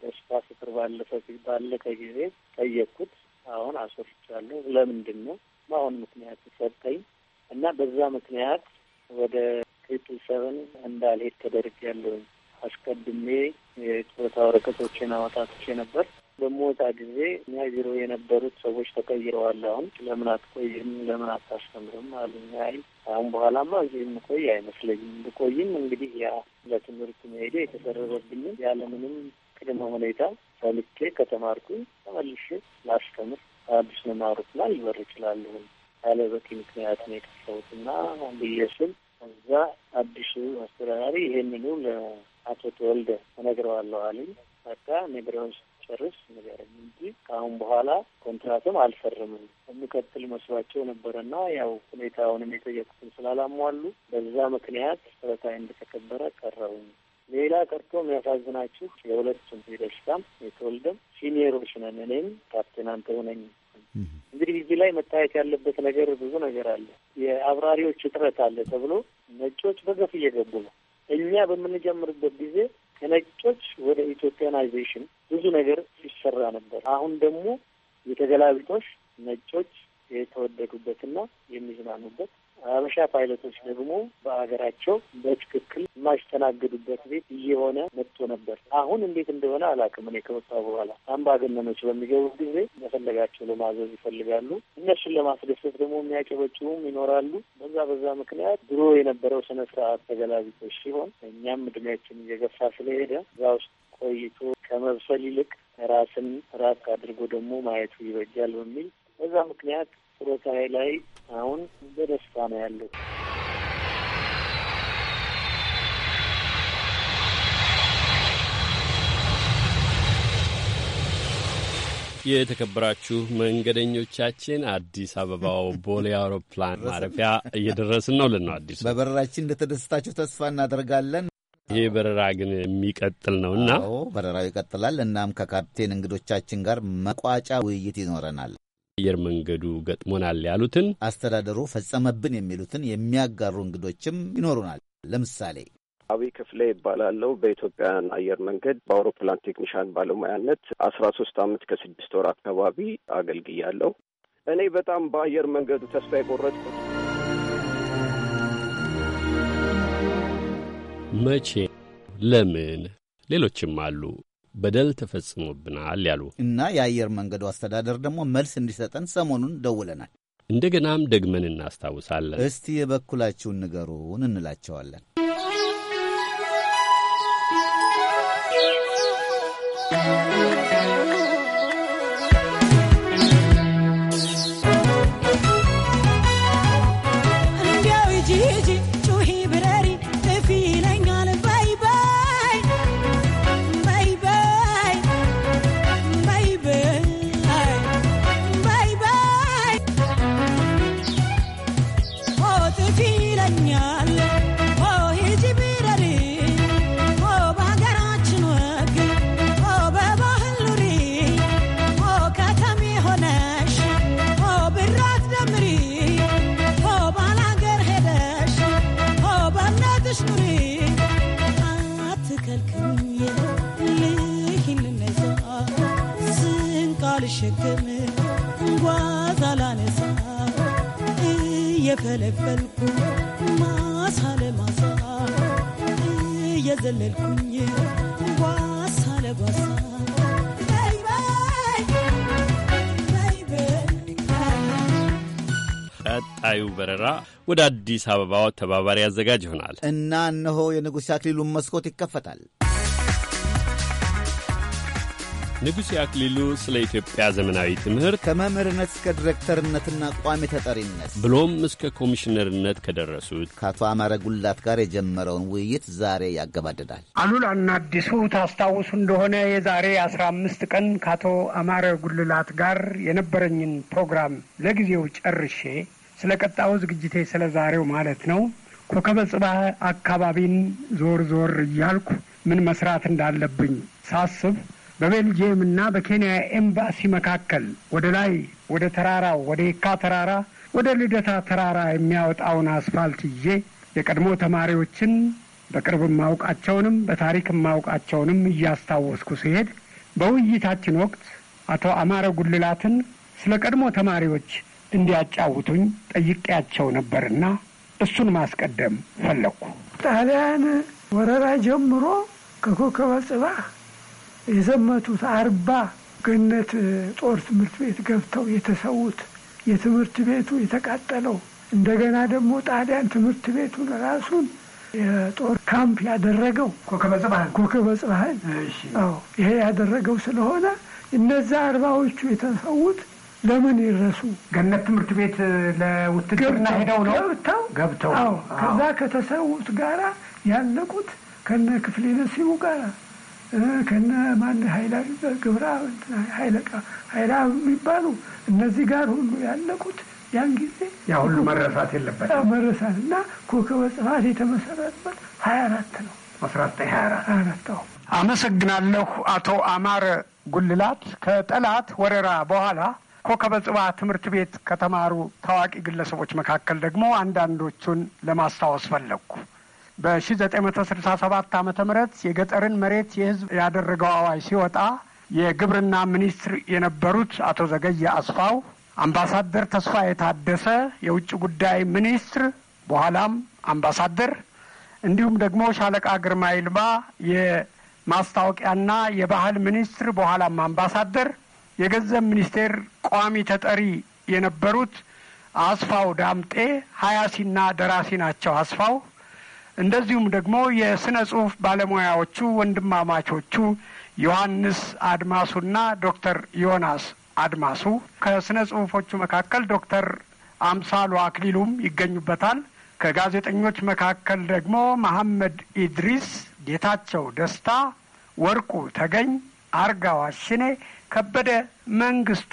በሽታ ፍቅር ባለፈ ባለቀ ጊዜ ጠየቅኩት። አሁን አስወርቻለሁ። ለምንድን ነው በአሁን ምክንያት ሰጠኝ እና በዛ ምክንያት ወደ ትሪፕል ሰቨን እንዳልሄድ ተደርግ ተደርጌያለሁኝ። አስቀድሜ የጡረታ ወረቀቶችን አወጣቶች ነበር። በሞታ ጊዜ እኛ ቢሮ የነበሩት ሰዎች ተቀይረዋል። አሁን ለምን አትቆይም? ለምን አታስተምርም? አሉ። አይ አሁን በኋላማ እዚህ የምቆይ አይመስለኝም። ብቆይም እንግዲህ ያ ለትምህርት መሄዴ የተሰረረብኝም ያለምንም በቅድመ ሁኔታ ተልኬ ከተማርኩ ተመልሼ ላስተምር አዲስ መማሩት ላይ ይበር ይችላለሁ ያለ በቂ ምክንያት ነው የጠፋሁት እና ብዬ ስል እዛ አዲሱ አስተዳዳሪ ይሄንኑ ለአቶ ተወልደ እነግረዋለሁ አለኝ። በቃ ነግረውን ስጨርስ ንገረኝ እንጂ ከአሁን በኋላ ኮንትራትም አልፈርምም የሚቀጥል መስሏቸው ነበረና ያው ሁኔታውንም የጠየቁትን ስላላሟሉ በዛ ምክንያት ጥረታዬ እንደተከበረ ቀረውኝ። ሌላ ቀርቶ የሚያሳዝናችሁ የሁለቱም ሊደርሽታም የተወልደም ሲኒየሮች ነን። እኔም ካፕቴን አንተው ነኝ። እንግዲህ እዚህ ላይ መታየት ያለበት ነገር ብዙ ነገር አለ። የአብራሪዎች እጥረት አለ ተብሎ ነጮች በገፍ እየገቡ ነው። እኛ በምንጀምርበት ጊዜ ከነጮች ወደ ኢትዮጵያናይዜሽን ብዙ ነገር ይሰራ ነበር። አሁን ደግሞ የተገላቢጦሽ ነጮች የተወደዱበትና የሚዝናኑበት አበሻ ፓይለቶች ደግሞ በሀገራቸው በትክክል የማይስተናግዱበት ቤት እየሆነ መጥቶ ነበር። አሁን እንዴት እንደሆነ አላውቅም። እኔ ከወጣ በኋላ አምባገነኖች በሚገቡ ጊዜ መፈለጋቸው ለማዘዝ ይፈልጋሉ። እነሱን ለማስደሰት ደግሞ የሚያጨበጭቡም ይኖራሉ። በዛ በዛ ምክንያት ድሮ የነበረው ስነ ስርዓት ተገላቢቶች ሲሆን እኛም እድሜያችን እየገፋ ስለሄደ እዛ ውስጥ ቆይቶ ከመብሰል ይልቅ ራስን ራስ አድርጎ ደግሞ ማየቱ ይበጃል በሚል በዛ ምክንያት ችሎታዬ ላይ አሁን በደስታ ነው ያለው።
የተከበራችሁ መንገደኞቻችን አዲስ አበባው ቦሌ አውሮፕላን ማረፊያ እየደረስን ነው። ልነው
አዲሱ በበረራችን እንደተደሰታችሁ ተስፋ እናደርጋለን። ይህ በረራ ግን የሚቀጥል ነው እና በረራው ይቀጥላል። እናም ከካፕቴን እንግዶቻችን ጋር መቋጫ ውይይት ይኖረናል። አየር መንገዱ ገጥሞናል ያሉትን አስተዳደሩ ፈጸመብን የሚሉትን የሚያጋሩ እንግዶችም ይኖሩናል። ለምሳሌ
አዊ ክፍሌ ይባላለው። በኢትዮጵያን አየር መንገድ በአውሮፕላን ቴክኒሻን ባለሙያነት አስራ ሶስት አመት ከስድስት ወር አካባቢ አገልግያለሁ። እኔ በጣም በአየር መንገዱ ተስፋ የቆረጥኩት
መቼ ለምን ሌሎችም አሉ። በደል ተፈጽሞብናል ያሉ እና የአየር መንገዱ አስተዳደር ደግሞ መልስ
እንዲሰጠን ሰሞኑን ደውለናል። እንደገናም ደግመን እናስታውሳለን። እስቲ የበኩላችሁን ንገሩን እንላቸዋለን።
Thank you. እየፈለፈልኩ ማሳ ለማሳ እየዘለልኩኝ ጓሳ ለጓሳ
ቀጣዩ በረራ ወደ አዲስ አበባ ተባባሪ አዘጋጅ ይሆናል
እና እነሆ የንጉሥ አክሊሉን መስኮት ይከፈታል።
ንጉሥ ያክሊሉ ስለ ኢትዮጵያ ዘመናዊ ትምህርት ከመምህርነት
እስከ ዲሬክተርነትና ቋሚ ተጠሪነት ብሎም እስከ ኮሚሽነርነት ከደረሱት ከአቶ አማረ ጉላት ጋር የጀመረውን ውይይት ዛሬ ያገባድዳል። አሉላና አዲሱ
ታስታውሱ እንደሆነ የዛሬ አስራ አምስት ቀን ከአቶ አማረ ጉልላት ጋር የነበረኝን ፕሮግራም ለጊዜው ጨርሼ ስለ ቀጣዩ ዝግጅቴ ስለ ዛሬው ማለት ነው ኮከበ ጽባህ አካባቢን ዞር ዞር እያልኩ ምን መስራት እንዳለብኝ ሳስብ በቤልጅየም እና በኬንያ ኤምባሲ መካከል ወደ ላይ ወደ ተራራው ወደ የካ ተራራ ወደ ልደታ ተራራ የሚያወጣውን አስፋልት ይዤ የቀድሞ ተማሪዎችን በቅርብ ማውቃቸውንም በታሪክ ማውቃቸውንም እያስታወስኩ ሲሄድ በውይይታችን ወቅት አቶ አማረ ጉልላትን ስለ ቀድሞ ተማሪዎች እንዲያጫውቱኝ ጠይቄያቸው ነበርና እሱን ማስቀደም ፈለግኩ። ጣሊያን ወረራ ጀምሮ ከኮከበ ጽባህ የዘመቱት አርባ ገነት ጦር ትምህርት ቤት ገብተው የተሰዉት የትምህርት ቤቱ የተቃጠለው እንደገና ደግሞ ጣሊያን ትምህርት ቤቱ ራሱን የጦር ካምፕ ያደረገው ኮከበ ጽባህን አዎ ይሄ ያደረገው ስለሆነ እነዛ አርባዎቹ የተሰዉት ለምን ይረሱ? ገነት ትምህርት ቤት ለውትድርና ሄደው ነው ገብተው ገብተው ከዛ ከተሰዉት ጋራ ያለቁት ከነ ክፍሌ ነሲቡ ጋራ ከነ ማን ኃይላ ግብረ ሀይላ የሚባሉ እነዚህ ጋር ሁሉ ያለቁት ያን ጊዜ ያ ሁሉ መረሳት የለበት መረሳት እና ኮከበ ጽፋት የተመሰረተበት ሀያ አራት ነው አስራ ዘጠኝ ሀያ አራት አመሰግናለሁ አቶ አማረ ጉልላት ከጠላት ወረራ በኋላ ኮከበ ጽባ ትምህርት ቤት ከተማሩ ታዋቂ ግለሰቦች መካከል ደግሞ አንዳንዶቹን ለማስታወስ ፈለግኩ በ1967 ዓ ም የገጠርን መሬት የህዝብ ያደረገው አዋጅ ሲወጣ የግብርና ሚኒስትር የነበሩት አቶ ዘገየ አስፋው፣ አምባሳደር ተስፋ የታደሰ የውጭ ጉዳይ ሚኒስትር በኋላም አምባሳደር፣ እንዲሁም ደግሞ ሻለቃ ግርማ ይልማ የማስታወቂያና የባህል ሚኒስትር በኋላም አምባሳደር፣ የገንዘብ ሚኒስቴር ቋሚ ተጠሪ የነበሩት አስፋው ዳምጤ ሀያሲና ደራሲ ናቸው። አስፋው እንደዚሁም ደግሞ የሥነ ጽሑፍ ባለሙያዎቹ ወንድማማቾቹ ዮሐንስ አድማሱና ዶክተር ዮናስ አድማሱ ከሥነ ጽሑፎቹ መካከል ዶክተር አምሳሉ አክሊሉም ይገኙበታል። ከጋዜጠኞች መካከል ደግሞ መሐመድ ኢድሪስ፣ ጌታቸው ደስታ፣ ወርቁ ተገኝ፣ አርጋ ዋሽኔ ከበደ መንግስቱ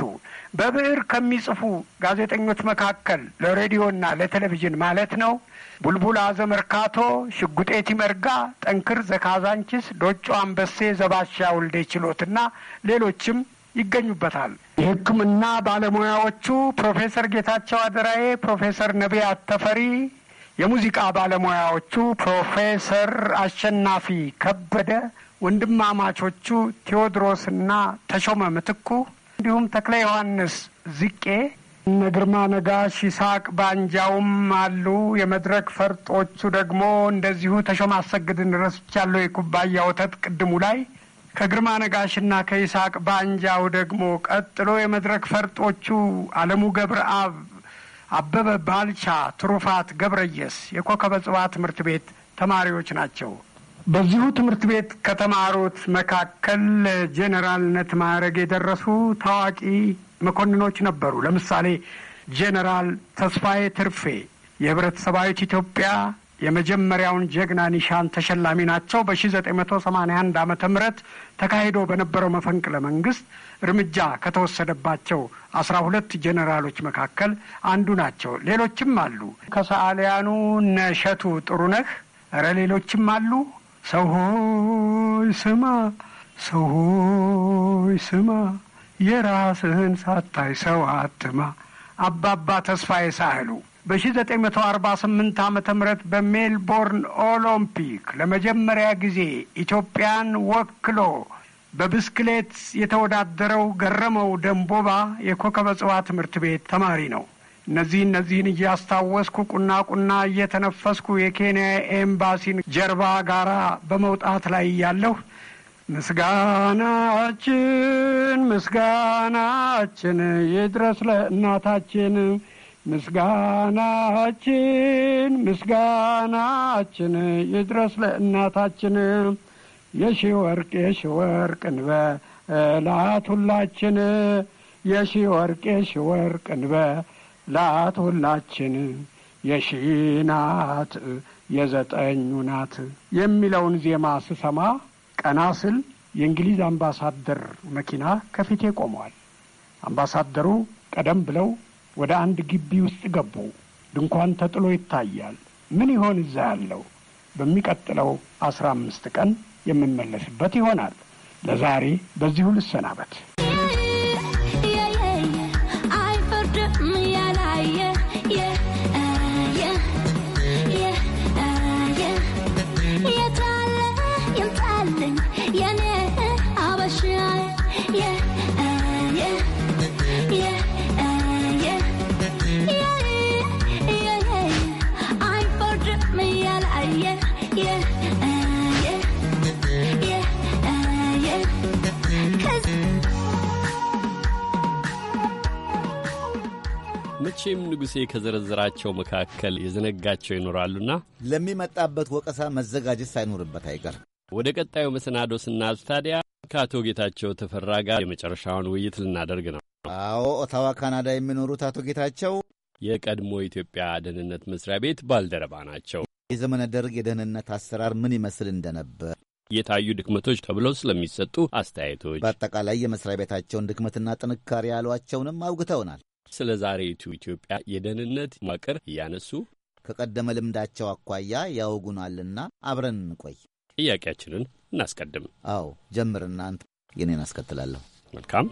በብዕር ከሚጽፉ ጋዜጠኞች መካከል ለሬዲዮና ለቴሌቪዥን ማለት ነው ቡልቡል አዘ መርካቶ፣ ሽጉጤቲ መርጋ፣ ጠንክር ዘካዛንችስ፣ ዶጮ አንበሴ፣ ዘባሻ ወልዴ ችሎትና ሌሎችም ይገኙበታል። የሕክምና ባለሙያዎቹ ፕሮፌሰር ጌታቸው አደራዬ፣ ፕሮፌሰር ነቢያት ተፈሪ፣ የሙዚቃ ባለሙያዎቹ ፕሮፌሰር አሸናፊ ከበደ፣ ወንድማማቾቹ ቴዎድሮስና ተሾመ ምትኩ እንዲሁም ተክለ ዮሐንስ ዝቄ፣ እነ ግርማ ነጋሽ፣ ይስሐቅ ባንጃውም አሉ። የመድረክ ፈርጦቹ ደግሞ እንደዚሁ ተሾማ አሰግድን ረስቻለሁ፣ የኩባያ ወተት ቅድሙ ላይ ከግርማ ነጋሽና ከይስሐቅ ባንጃው ደግሞ ቀጥሎ የመድረክ ፈርጦቹ አለሙ ገብረአብ፣ አበበ ባልቻ፣ ትሩፋት ገብረየስ የኮከበ ጽባ ትምህርት ቤት ተማሪዎች ናቸው። በዚሁ ትምህርት ቤት ከተማሩት መካከል ጄኔራልነት ማዕረግ የደረሱ ታዋቂ መኮንኖች ነበሩ። ለምሳሌ ጄኔራል ተስፋዬ ትርፌ የህብረተሰባዊት ኢትዮጵያ የመጀመሪያውን ጀግና ኒሻን ተሸላሚ ናቸው ሰማኒያ አንድ ዓመተ ምህረት ተካሂዶ በነበረው መፈንቅለ መንግስት እርምጃ ከተወሰደባቸው አስራ ሁለት ጄኔራሎች መካከል አንዱ ናቸው። ሌሎችም አሉ። ከሰዓሊያኑ እነ እሸቱ ጥሩነህ፣ እረ ሌሎችም አሉ። ሰው ሆይ ስማ፣ ሰው ሆይ ስማ፣ የራስህን ሳታይ ሰው አትማ። አባባ ተስፋዬ ሳህሉ በ1948 ዓ ም በሜልቦርን ኦሎምፒክ ለመጀመሪያ ጊዜ ኢትዮጵያን ወክሎ በብስክሌት የተወዳደረው ገረመው ደንቦባ የኮከበ ጽዋ ትምህርት ቤት ተማሪ ነው። እነዚህ እነዚህን እያስታወስኩ ቁና ቁና እየተነፈስኩ የኬንያ ኤምባሲን ጀርባ ጋራ በመውጣት ላይ እያለሁ ምስጋናችን ምስጋናችን ይድረስ ለእናታችን ምስጋናችን ምስጋናችን ይድረስ ለእናታችን የሺ ወርቅ የሺ ወርቅ እንበላት ሁላችን የሺ ወርቅ የሺ ወርቅ እንበ ላት ሁላችን የሺናት የዘጠኙ ናት የሚለውን ዜማ ስሰማ ቀና ስል የእንግሊዝ አምባሳደር መኪና ከፊቴ ቆመዋል። አምባሳደሩ ቀደም ብለው ወደ አንድ ግቢ ውስጥ ገቡ። ድንኳን ተጥሎ ይታያል። ምን ይሆን እዛ ያለው? በሚቀጥለው አስራ አምስት ቀን የምመለስበት ይሆናል። ለዛሬ በዚሁ ልሰናበት።
መቼም ንጉሴ ከዘረዝራቸው መካከል የዘነጋቸው ይኖራሉና
ለሚመጣበት ወቀሳ መዘጋጀት ሳይኖርበት አይቀር።
ወደ ቀጣዩ መሰናዶ ስናልፍ ታዲያ ከአቶ ጌታቸው ተፈራ ጋር የመጨረሻውን ውይይት ልናደርግ ነው።
አዎ፣ ኦታዋ ካናዳ የሚኖሩት አቶ ጌታቸው
የቀድሞ ኢትዮጵያ ደህንነት መስሪያ ቤት ባልደረባ ናቸው።
የዘመነ ደርግ የደህንነት አሰራር ምን ይመስል እንደነበር
የታዩ ድክመቶች ተብለው ስለሚሰጡ አስተያየቶች፣
በአጠቃላይ የመስሪያ ቤታቸውን ድክመትና ጥንካሬ ያሏቸውንም አውግተውናል። ስለ ዛሬቱ ኢትዮጵያ የደህንነት መዋቅር እያነሱ ከቀደመ ልምዳቸው አኳያ ያወጉናልና አብረን እንቆይ።
ጥያቄያችንን
እናስቀድም። አዎ ጀምርና አንተ፣ የኔን አስከትላለሁ። መልካም።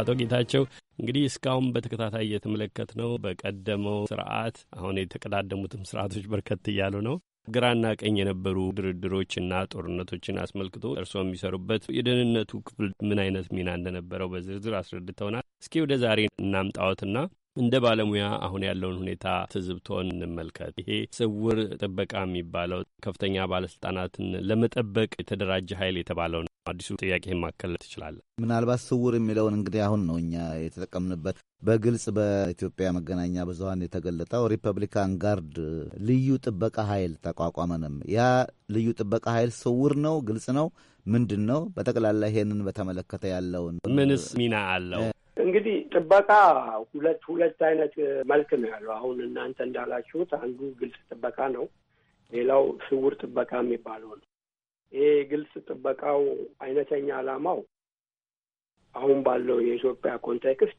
አቶ ጌታቸው እንግዲህ እስካሁን በተከታታይ እየተመለከት ነው። በቀደመው ስርዓት አሁን የተቀዳደሙትም ስርዓቶች በርከት እያሉ ነው። ግራና ቀኝ የነበሩ ድርድሮችና ጦርነቶችን አስመልክቶ እርስዎ የሚሰሩበት የደህንነቱ ክፍል ምን አይነት ሚና እንደነበረው በዝርዝር አስረድተውናል። እስኪ ወደ ዛሬ እናምጣዎትና እንደ ባለሙያ አሁን ያለውን ሁኔታ ትዝብቶን እንመልከት። ይሄ ስውር ጥበቃ የሚባለው ከፍተኛ ባለስልጣናትን ለመጠበቅ የተደራጀ ኃይል የተባለው ነው። አዲሱ ጥያቄ ማከል ትችላለን።
ምናልባት ስውር የሚለውን እንግዲህ አሁን ነው እኛ የተጠቀምንበት። በግልጽ በኢትዮጵያ መገናኛ ብዙኃን የተገለጠው ሪፐብሊካን ጋርድ ልዩ ጥበቃ ኃይል ተቋቋመንም። ያ ልዩ ጥበቃ ኃይል ስውር ነው? ግልጽ ነው? ምንድን ነው? በጠቅላላ ይሄንን በተመለከተ ያለውን ምንስ ሚና አለው?
እንግዲህ ጥበቃ ሁለት ሁለት አይነት መልክ ነው ያለው። አሁን እናንተ እንዳላችሁት አንዱ ግልጽ ጥበቃ ነው፣ ሌላው ስውር ጥበቃ የሚባለው ነው። ይሄ ግልጽ ጥበቃው አይነተኛ ዓላማው አሁን ባለው የኢትዮጵያ ኮንቴክስት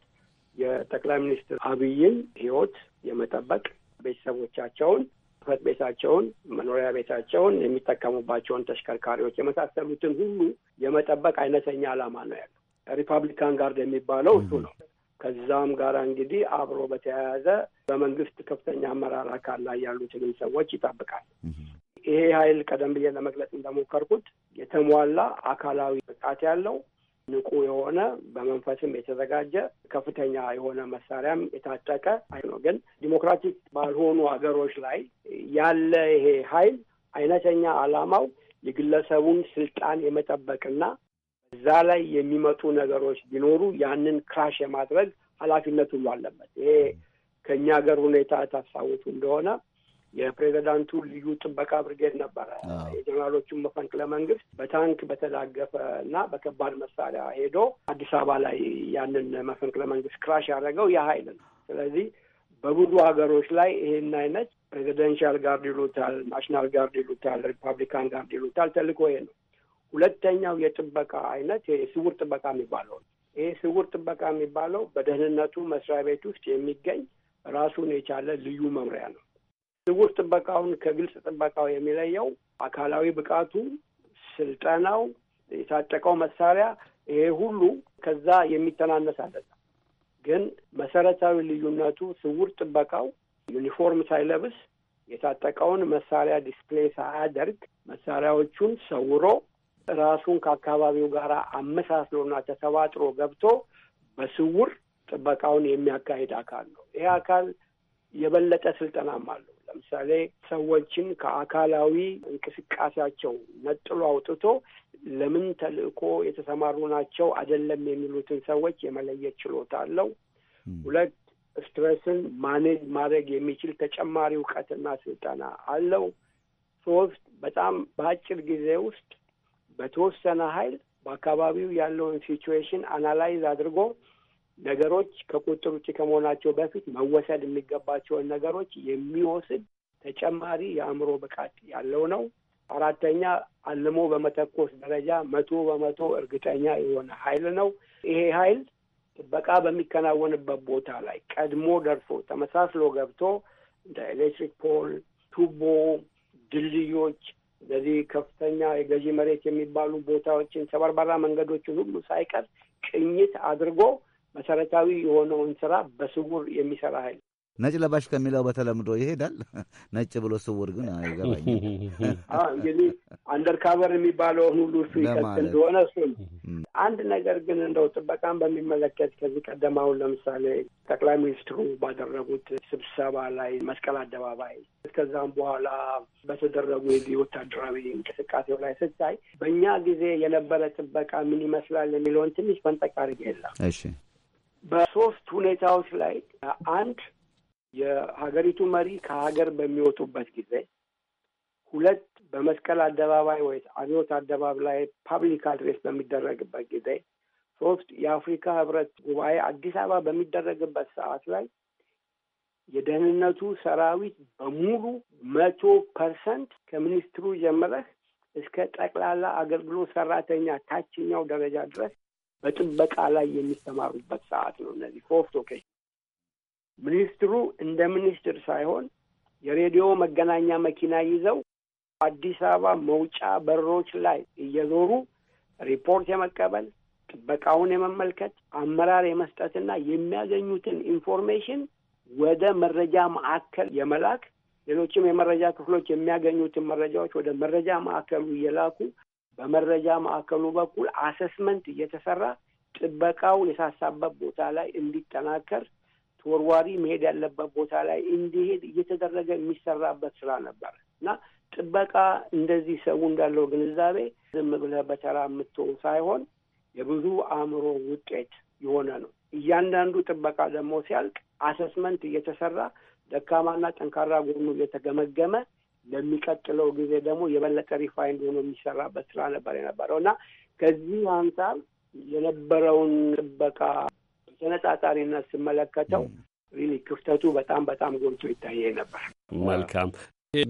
የጠቅላይ ሚኒስትር አብይን ሕይወት የመጠበቅ ቤተሰቦቻቸውን፣ ጽሕፈት ቤታቸውን፣ መኖሪያ ቤታቸውን፣ የሚጠቀሙባቸውን ተሽከርካሪዎች የመሳሰሉትን ሁሉ የመጠበቅ አይነተኛ ዓላማ ነው ያለው። ሪፐብሊካን ጋርድ የሚባለው እሱ ነው። ከዛም ጋር እንግዲህ አብሮ በተያያዘ በመንግስት ከፍተኛ አመራር አካል ላይ ያሉትንም ሰዎች ይጠብቃል። ይሄ ኃይል ቀደም ብዬ ለመግለጽ እንደሞከርኩት የተሟላ አካላዊ ብቃት ያለው ንቁ የሆነ በመንፈስም የተዘጋጀ ከፍተኛ የሆነ መሳሪያም የታጠቀ ኃይል ነው። ግን ዲሞክራቲክ ባልሆኑ ሀገሮች ላይ ያለ ይሄ ኃይል አይነተኛ ዓላማው የግለሰቡን ስልጣን የመጠበቅና እዛ ላይ የሚመጡ ነገሮች ቢኖሩ ያንን ክራሽ የማድረግ ኃላፊነት ሁሉ አለበት። ይሄ ከእኛ ሀገር ሁኔታ ታስታውሱ እንደሆነ የፕሬዚዳንቱ ልዩ ጥበቃ ብርጌድ ነበረ። የጀኔራሎቹን መፈንቅለ መንግስት በታንክ በተዳገፈ እና በከባድ መሳሪያ ሄዶ አዲስ አበባ ላይ ያንን መፈንቅለ መንግስት ክራሽ ያደረገው ያ ሀይል ነው። ስለዚህ በብዙ ሀገሮች ላይ ይሄን አይነት ፕሬዚደንሻል ጋርድ ይሉታል፣ ናሽናል ጋርድ ይሉታል፣ ሪፐብሊካን ጋርድ ይሉታል። ተልእኮ ይሄ ነው። ሁለተኛው የጥበቃ አይነት የስውር ጥበቃ የሚባለው ነው። ይህ ስውር ጥበቃ የሚባለው በደህንነቱ መስሪያ ቤት ውስጥ የሚገኝ ራሱን የቻለ ልዩ መምሪያ ነው። ስውር ጥበቃውን ከግልጽ ጥበቃው የሚለየው አካላዊ ብቃቱ፣ ስልጠናው፣ የታጠቀው መሳሪያ ይሄ ሁሉ ከዛ የሚተናነስ አይደለም። ግን መሰረታዊ ልዩነቱ ስውር ጥበቃው ዩኒፎርም ሳይለብስ የታጠቀውን መሳሪያ ዲስፕሌይ ሳያደርግ መሳሪያዎቹን ሰውሮ ራሱን ከአካባቢው ጋር አመሳስሎና ተሰባጥሮ ገብቶ በስውር ጥበቃውን የሚያካሂድ አካል ነው። ይህ አካል የበለጠ ስልጠናም አለው። ለምሳሌ ሰዎችን ከአካላዊ እንቅስቃሴያቸው ነጥሎ አውጥቶ ለምን ተልእኮ የተሰማሩ ናቸው አይደለም የሚሉትን ሰዎች የመለየት ችሎታ አለው። hmm. ሁለት ስትረስን ማኔጅ ማድረግ የሚችል ተጨማሪ እውቀትና ስልጠና አለው። ሶስት በጣም በአጭር ጊዜ ውስጥ በተወሰነ ኃይል በአካባቢው ያለውን ሲቹዌሽን አናላይዝ አድርጎ ነገሮች ከቁጥር ውጭ ከመሆናቸው በፊት መወሰድ የሚገባቸውን ነገሮች የሚወስድ ተጨማሪ የአእምሮ ብቃት ያለው ነው። አራተኛ አልሞ በመተኮስ ደረጃ መቶ በመቶ እርግጠኛ የሆነ ኃይል ነው። ይሄ ኃይል ጥበቃ በሚከናወንበት ቦታ ላይ ቀድሞ ደርሶ ተመሳስሎ ገብቶ እንደ ኤሌክትሪክ ፖል፣ ቱቦ፣ ድልድዮች ስለዚህ ከፍተኛ የገዢ መሬት የሚባሉ ቦታዎችን ሰበርባራ መንገዶችን ሁሉ ሳይቀር ቅኝት አድርጎ መሰረታዊ የሆነውን ስራ በስውር የሚሰራ ኃይል
ነጭ ለባሽ ከሚለው በተለምዶ ይሄዳል። ነጭ ብሎ ስውር ግን አይገባኝም።
እንግዲህ አንደርካቨር የሚባለውን ሁሉ እሱ ይቀጥ እንደሆነ እሱ አንድ ነገር ግን እንደው ጥበቃን በሚመለከት ከዚህ ቀደም አሁን ለምሳሌ ጠቅላይ ሚኒስትሩ ባደረጉት ስብሰባ ላይ መስቀል አደባባይ ከዛም በኋላ በተደረጉ የዚህ ወታደራዊ እንቅስቃሴው ላይ ስታይ በእኛ ጊዜ የነበረ ጥበቃ ምን ይመስላል የሚለውን ትንሽ መንጠቃሪ የለም። በሶስት ሁኔታዎች ላይ አንድ የሀገሪቱ መሪ ከሀገር በሚወጡበት ጊዜ ሁለት በመስቀል አደባባይ ወይ አብዮት አደባባይ ላይ ፓብሊክ አድሬስ በሚደረግበት ጊዜ፣ ሶስት የአፍሪካ ህብረት ጉባኤ አዲስ አበባ በሚደረግበት ሰዓት ላይ የደህንነቱ ሰራዊት በሙሉ መቶ ፐርሰንት ከሚኒስትሩ ጀምረህ እስከ ጠቅላላ አገልግሎት ሰራተኛ ታችኛው ደረጃ ድረስ በጥበቃ ላይ የሚሰማሩበት ሰዓት ነው። እነዚህ ሶስት ኦኬሽን ሚኒስትሩ እንደ ሚኒስትር ሳይሆን የሬዲዮ መገናኛ መኪና ይዘው አዲስ አበባ መውጫ በሮች ላይ እየዞሩ ሪፖርት የመቀበል ጥበቃውን የመመልከት አመራር የመስጠትና የሚያገኙትን ኢንፎርሜሽን ወደ መረጃ ማዕከል የመላክ ሌሎችም የመረጃ ክፍሎች የሚያገኙትን መረጃዎች ወደ መረጃ ማዕከሉ እየላኩ በመረጃ ማዕከሉ በኩል አሰስመንት እየተሰራ ጥበቃው የሳሳበት ቦታ ላይ እንዲጠናከር ወርዋሪ መሄድ ያለበት ቦታ ላይ እንዲሄድ እየተደረገ የሚሰራበት ስራ ነበር እና ጥበቃ እንደዚህ ሰው እንዳለው ግንዛቤ ዝም ብለህ በተራ የምትሆን ሳይሆን የብዙ አእምሮ ውጤት የሆነ ነው። እያንዳንዱ ጥበቃ ደግሞ ሲያልቅ አሰስመንት እየተሰራ ደካማና ጠንካራ ጎኑ እየተገመገመ ለሚቀጥለው ጊዜ ደግሞ የበለጠ ሪፋይንድ ሆኖ የሚሰራበት ስራ ነበር የነበረው እና ከዚህ አንጻር የነበረውን ጥበቃ ተነጻጻሪነት ስመለከተው ሪሊ ክፍተቱ በጣም በጣም ጎልቶ ይታየ ነበር።
መልካም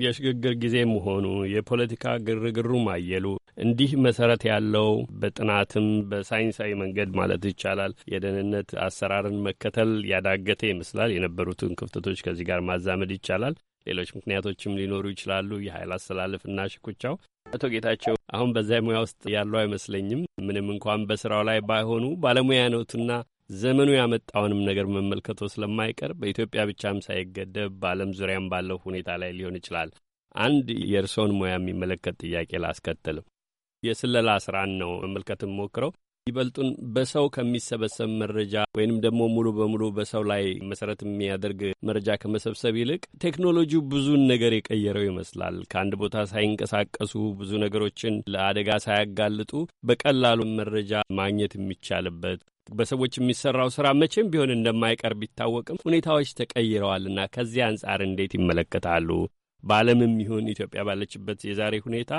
የሽግግር ጊዜ መሆኑ የፖለቲካ ግርግሩ ማየሉ እንዲህ መሰረት ያለው በጥናትም በሳይንሳዊ መንገድ ማለት ይቻላል የደህንነት አሰራርን መከተል ያዳገተ ይመስላል። የነበሩትን ክፍተቶች ከዚህ ጋር ማዛመድ ይቻላል። ሌሎች ምክንያቶችም ሊኖሩ ይችላሉ። የኃይል አስተላለፍና ሽኩቻው አቶ ጌታቸው አሁን በዚያ ሙያ ውስጥ ያሉ አይመስለኝም። ምንም እንኳን በስራው ላይ ባይሆኑ ባለሙያ ነውትና ዘመኑ ያመጣውንም ነገር መመልከቶ ስለማይቀር በኢትዮጵያ ብቻም ሳይገደብ በዓለም ዙሪያም ባለው ሁኔታ ላይ ሊሆን ይችላል። አንድ የእርስዎን ሙያ የሚመለከት ጥያቄ ላስከትል። የስለላ ስራን ነው መመልከት ሞክረው ይበልጡን በሰው ከሚሰበሰብ መረጃ ወይንም ደግሞ ሙሉ በሙሉ በሰው ላይ መሰረት የሚያደርግ መረጃ ከመሰብሰብ ይልቅ ቴክኖሎጂው ብዙን ነገር የቀየረው ይመስላል። ከአንድ ቦታ ሳይንቀሳቀሱ ብዙ ነገሮችን ለአደጋ ሳያጋልጡ በቀላሉ መረጃ ማግኘት የሚቻልበት በሰዎች የሚሰራው ስራ መቼም ቢሆን እንደማይቀር ቢታወቅም ሁኔታዎች ተቀይረዋልና ከዚህ አንጻር እንዴት ይመለከታሉ? በዓለምም ይሁን ኢትዮጵያ ባለችበት የዛሬ ሁኔታ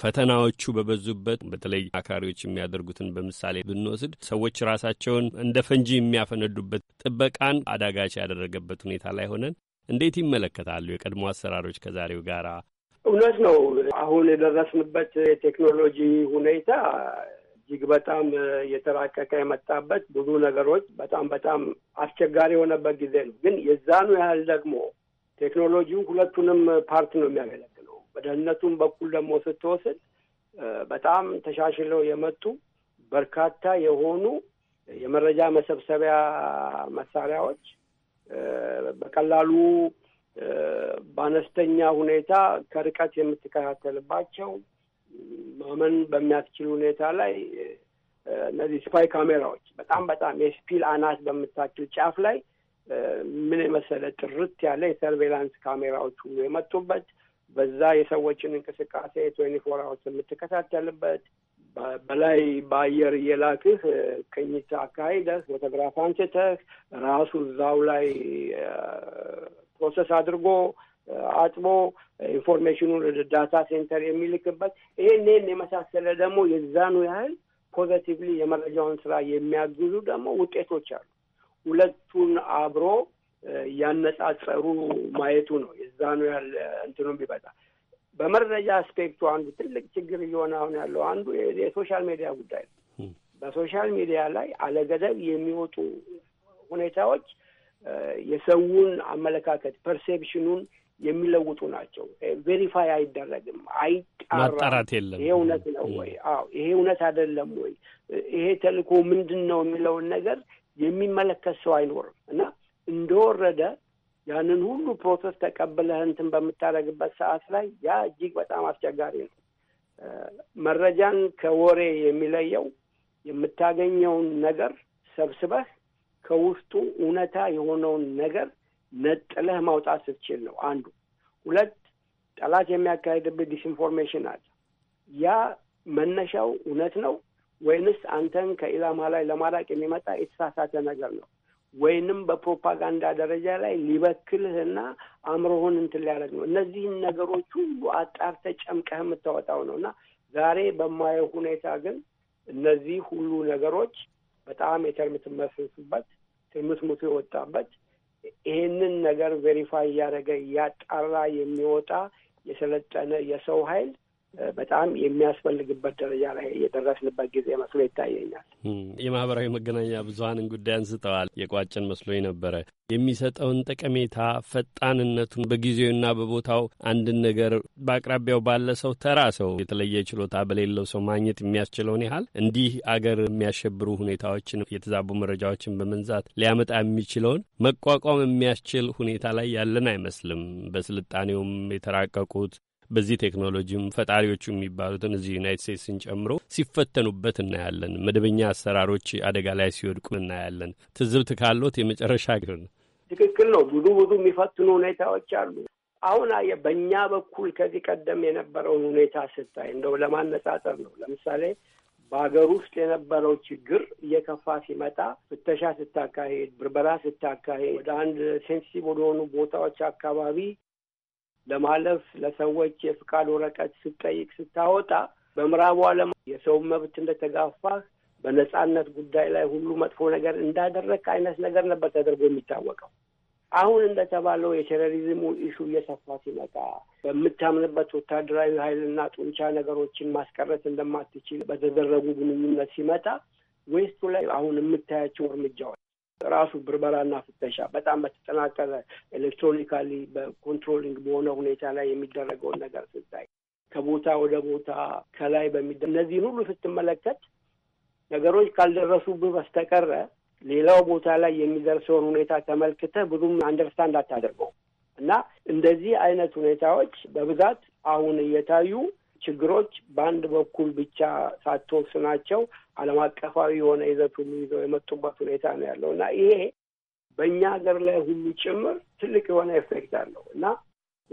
ፈተናዎቹ በበዙበት በተለይ አክራሪዎች የሚያደርጉትን በምሳሌ ብንወስድ ሰዎች ራሳቸውን እንደ ፈንጂ የሚያፈነዱበት ጥበቃን አዳጋች ያደረገበት ሁኔታ ላይ ሆነን እንዴት ይመለከታሉ የቀድሞ አሰራሮች ከዛሬው ጋር?
እውነት ነው። አሁን የደረስንበት የቴክኖሎጂ ሁኔታ እጅግ በጣም የተራቀቀ የመጣበት ብዙ ነገሮች በጣም በጣም አስቸጋሪ የሆነበት ጊዜ ነው። ግን የዛኑ ያህል ደግሞ ቴክኖሎጂው ሁለቱንም ፓርት ነው የሚያገለግል በደህንነቱም በኩል ደግሞ ስትወስድ በጣም ተሻሽለው የመጡ በርካታ የሆኑ የመረጃ መሰብሰቢያ መሳሪያዎች በቀላሉ በአነስተኛ ሁኔታ ከርቀት የምትከታተልባቸው ማመን በሚያስችል ሁኔታ ላይ እነዚህ ስፓይ ካሜራዎች በጣም በጣም የስፒል አናት በምታችል ጫፍ ላይ ምን የመሰለ ጥርት ያለ የሰርቬላንስ ካሜራዎች ሁሉ የመጡበት በዛ የሰዎችን እንቅስቃሴ ትዌንቲ ፎር አወርስ የምትከታተልበት በላይ በአየር እየላክህ ቅኝት አካሂደህ ፎቶግራፍ አንስተህ ራሱ እዛው ላይ ፕሮሰስ አድርጎ አጥቦ ኢንፎርሜሽኑን ዳታ ሴንተር የሚልክበት ይሄን ይህን የመሳሰለ ደግሞ የዛኑ ያህል ፖዘቲቭሊ የመረጃውን ስራ የሚያግዙ ደግሞ ውጤቶች አሉ። ሁለቱን አብሮ እያነጻጸሩ ማየቱ ነው። የዛ ነው ያለ እንትኑ ቢበጣ በመረጃ አስፔክቱ አንዱ ትልቅ ችግር እየሆነ አሁን ያለው አንዱ የሶሻል ሚዲያ ጉዳይ ነው። በሶሻል ሚዲያ ላይ አለገደብ የሚወጡ ሁኔታዎች የሰውን አመለካከት ፐርሴፕሽኑን የሚለውጡ ናቸው። ቬሪፋይ አይደረግም፣ አይጣራት
የለም። ይሄ እውነት ነው ወይ?
አዎ፣ ይሄ እውነት አይደለም ወይ? ይሄ ተልእኮ ምንድን ነው የሚለውን ነገር የሚመለከት ሰው አይኖርም እና እንደወረደ ያንን ሁሉ ፕሮሰስ ተቀብለህ እንትን በምታደርግበት ሰዓት ላይ ያ እጅግ በጣም አስቸጋሪ ነው። መረጃን ከወሬ የሚለየው የምታገኘውን ነገር ሰብስበህ ከውስጡ እውነታ የሆነውን ነገር ነጥለህ ማውጣት ስትችል ነው አንዱ። ሁለት ጠላት የሚያካሄድብህ ዲስኢንፎርሜሽን አለ። ያ መነሻው እውነት ነው ወይንስ አንተን ከኢላማ ላይ ለማራቅ የሚመጣ የተሳሳተ ነገር ነው? ወይንም በፕሮፓጋንዳ ደረጃ ላይ ሊበክልህና አእምሮህን እንትን ሊያደርግ ነው። እነዚህን ነገሮች ሁሉ አጣርተህ ጨምቀህ የምታወጣው ነው እና ዛሬ በማየው ሁኔታ ግን እነዚህ ሁሉ ነገሮች በጣም ትርምት ሙቱ የወጣበት ይሄንን ነገር ቬሪፋይ እያደረገ እያጣራ የሚወጣ የሰለጠነ የሰው ኃይል በጣም የሚያስፈልግበት ደረጃ ላይ የደረስንበት ጊዜ መስሎ ይታየኛል።
የማህበራዊ መገናኛ ብዙሀንን ጉዳይ አንስተዋል። የቋጭን መስሎ ነበረ የሚሰጠውን ጠቀሜታ ፈጣንነቱን፣ በጊዜውና በቦታው አንድን ነገር በአቅራቢያው ባለ ሰው ተራ ሰው የተለየ ችሎታ በሌለው ሰው ማግኘት የሚያስችለውን ያህል እንዲህ አገር የሚያሸብሩ ሁኔታዎችን የተዛቡ መረጃዎችን በመንዛት ሊያመጣ የሚችለውን መቋቋም የሚያስችል ሁኔታ ላይ ያለን አይመስልም። በስልጣኔውም የተራቀቁት በዚህ ቴክኖሎጂም ፈጣሪዎቹ የሚባሉትን እዚህ ዩናይት ስቴትስን ጨምሮ ሲፈተኑበት እናያለን። መደበኛ አሰራሮች አደጋ ላይ ሲወድቁ እናያለን። ትዝብት ካሎት የመጨረሻ ነው።
ትክክል ነው። ብዙ ብዙ የሚፈትኑ ሁኔታዎች አሉ። አሁን አየ በእኛ በኩል ከዚህ ቀደም የነበረውን ሁኔታ ስታይ እንደው ለማነጻጸር ነው። ለምሳሌ በሀገር ውስጥ የነበረው ችግር እየከፋ ሲመጣ ፍተሻ ስታካሄድ፣ ብርበራ ስታካሄድ፣ ወደ አንድ ሴንሲቲቭ ወደሆኑ ቦታዎች አካባቢ ለማለፍ ለሰዎች የፍቃድ ወረቀት ስትጠይቅ ስታወጣ በምዕራቡ ዓለም የሰው መብት እንደተጋፋህ በነጻነት ጉዳይ ላይ ሁሉ መጥፎ ነገር እንዳደረግ አይነት ነገር ነበር ተደርጎ የሚታወቀው። አሁን እንደተባለው የቴሮሪዝሙ ኢሹ እየሰፋ ሲመጣ በምታምንበት ወታደራዊ ኃይልና ጡንቻ ነገሮችን ማስቀረት እንደማትችል በተደረጉ ግንኙነት ሲመጣ ዌስቱ ላይ አሁን የምታያቸው እርምጃዎች ራሱ ብርበራና ፍተሻ በጣም በተጠናከረ ኤሌክትሮኒካሊ በኮንትሮሊንግ በሆነ ሁኔታ ላይ የሚደረገውን ነገር ስታይ ከቦታ ወደ ቦታ ከላይ በሚደ እነዚህን ሁሉ ስትመለከት ነገሮች ካልደረሱብህ በስተቀረ ሌላው ቦታ ላይ የሚደርሰውን ሁኔታ ተመልክተ ብዙም አንደርስታንድ አታደርገው እና እንደዚህ አይነት ሁኔታዎች በብዛት አሁን እየታዩ ችግሮች በአንድ በኩል ብቻ ሳትወስናቸው ዓለም አቀፋዊ የሆነ ይዘት ሁሉ ይዘው የመጡበት ሁኔታ ነው ያለው እና ይሄ በእኛ ሀገር ላይ ሁሉ ጭምር ትልቅ የሆነ ኤፌክት አለው እና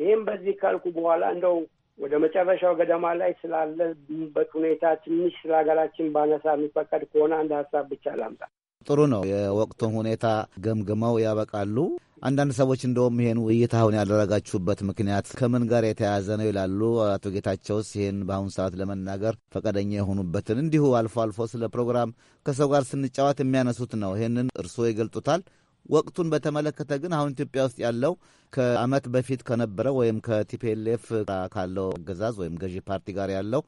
ይህም በዚህ ካልኩ በኋላ እንደው ወደ መጨረሻው ገደማ ላይ ስላለበት ሁኔታ ትንሽ ስለ ሀገራችን ባነሳ የሚፈቀድ ከሆነ አንድ ሀሳብ ብቻ ላምጣ።
ጥሩ ነው። የወቅቱን ሁኔታ ገምግመው ያበቃሉ። አንዳንድ ሰዎች እንደውም ይሄን ውይይት አሁን ያደረጋችሁበት ምክንያት ከምን ጋር የተያያዘ ነው ይላሉ። አቶ ጌታቸውስ ይህን በአሁኑ ሰዓት ለመናገር ፈቃደኛ የሆኑበትን እንዲሁ አልፎ አልፎ ስለ ፕሮግራም ከሰው ጋር ስንጫወት የሚያነሱት ነው። ይህንን እርስዎ ይገልጡታል። ወቅቱን በተመለከተ ግን አሁን ኢትዮጵያ ውስጥ ያለው ከዓመት በፊት ከነበረው ወይም ከቲፒኤልኤፍ ካለው አገዛዝ ወይም ገዢ ፓርቲ ጋር ያለው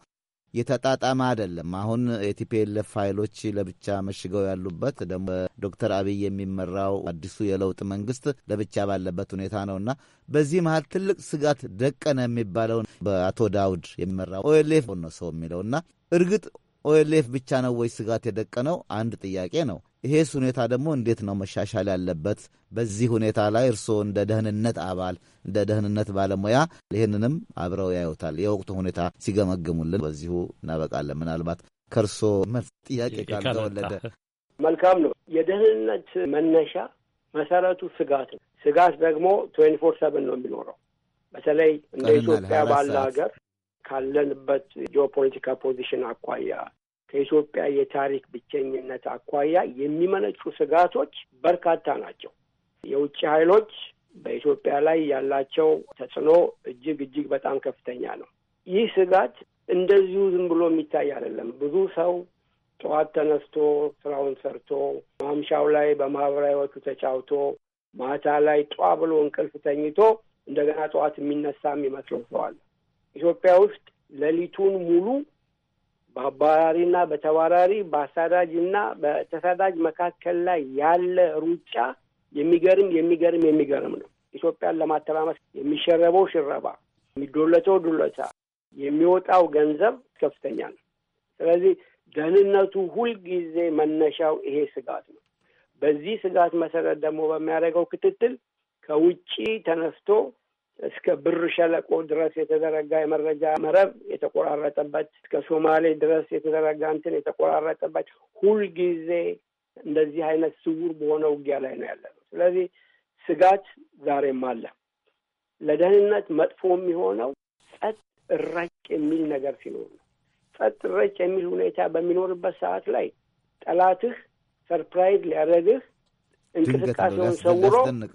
የተጣጣመ አይደለም። አሁን የቲፒኤልኤፍ ፋይሎች ለብቻ መሽገው ያሉበት ደግሞ ዶክተር አብይ የሚመራው አዲሱ የለውጥ መንግስት ለብቻ ባለበት ሁኔታ እና በዚህ መሀል ትልቅ ስጋት ደቀነ የሚባለውን በአቶ ዳውድ የሚመራው ኦኤልኤፍ ነው ሰው እና እርግጥ ኦኤልኤፍ ብቻ ነው ወይ ስጋት የደቀነው? አንድ ጥያቄ ነው። ይሄስ ሁኔታ ደግሞ እንዴት ነው መሻሻል ያለበት? በዚህ ሁኔታ ላይ እርስዎ እንደ ደህንነት አባል እንደ ደህንነት ባለሙያ ይህንንም አብረው ያዩታል። የወቅቱ ሁኔታ ሲገመግሙልን በዚሁ እናበቃለን። ምናልባት ከእርስዎ መልስ ጥያቄ
ካልተወለደ
መልካም ነው። የደህንነት መነሻ መሰረቱ ስጋት ነው። ስጋት ደግሞ ትዌንቲ ፎር ሰቨን ነው የሚኖረው። በተለይ እንደ ኢትዮጵያ ባለ ሀገር ካለንበት ጂኦፖለቲካ ፖዚሽን አኳያ ከኢትዮጵያ የታሪክ ብቸኝነት አኳያ የሚመነጩ ስጋቶች በርካታ ናቸው። የውጭ ኃይሎች በኢትዮጵያ ላይ ያላቸው ተጽዕኖ እጅግ እጅግ በጣም ከፍተኛ ነው። ይህ ስጋት እንደዚሁ ዝም ብሎ የሚታይ አይደለም። ብዙ ሰው ጠዋት ተነስቶ ስራውን ሰርቶ ማምሻው ላይ በማህበራዊ ተጫውቶ ማታ ላይ ጧ ብሎ እንቅልፍ ተኝቶ እንደገና ጠዋት የሚነሳ ይመስለው ሰዋል። ኢትዮጵያ ውስጥ ሌሊቱን ሙሉ በአባራሪና በተባራሪ በአሳዳጅና በተሳዳጅ መካከል ላይ ያለ ሩጫ የሚገርም የሚገርም የሚገርም ነው። ኢትዮጵያን ለማተራመስ የሚሸረበው ሽረባ፣ የሚዶለተው ዱለታ፣ የሚወጣው ገንዘብ ከፍተኛ ነው። ስለዚህ ደህንነቱ ሁልጊዜ መነሻው ይሄ ስጋት ነው። በዚህ ስጋት መሰረት ደግሞ በሚያደርገው ክትትል ከውጪ ተነስቶ እስከ ብር ሸለቆ ድረስ የተዘረጋ የመረጃ መረብ የተቆራረጠበት እስከ ሶማሌ ድረስ የተዘረጋ እንትን የተቆራረጠበት ሁልጊዜ እንደዚህ አይነት ስውር በሆነ ውጊያ ላይ ነው ያለ ነው። ስለዚህ ስጋት ዛሬም አለ። ለደህንነት መጥፎ የሚሆነው ጸጥ እረጭ የሚል ነገር ሲኖር ነው። ጸጥ እረጭ የሚል ሁኔታ በሚኖርበት ሰዓት ላይ ጠላትህ ሰርፕራይዝ ሊያደርግህ እንቅስቃሴውን ሰውሮ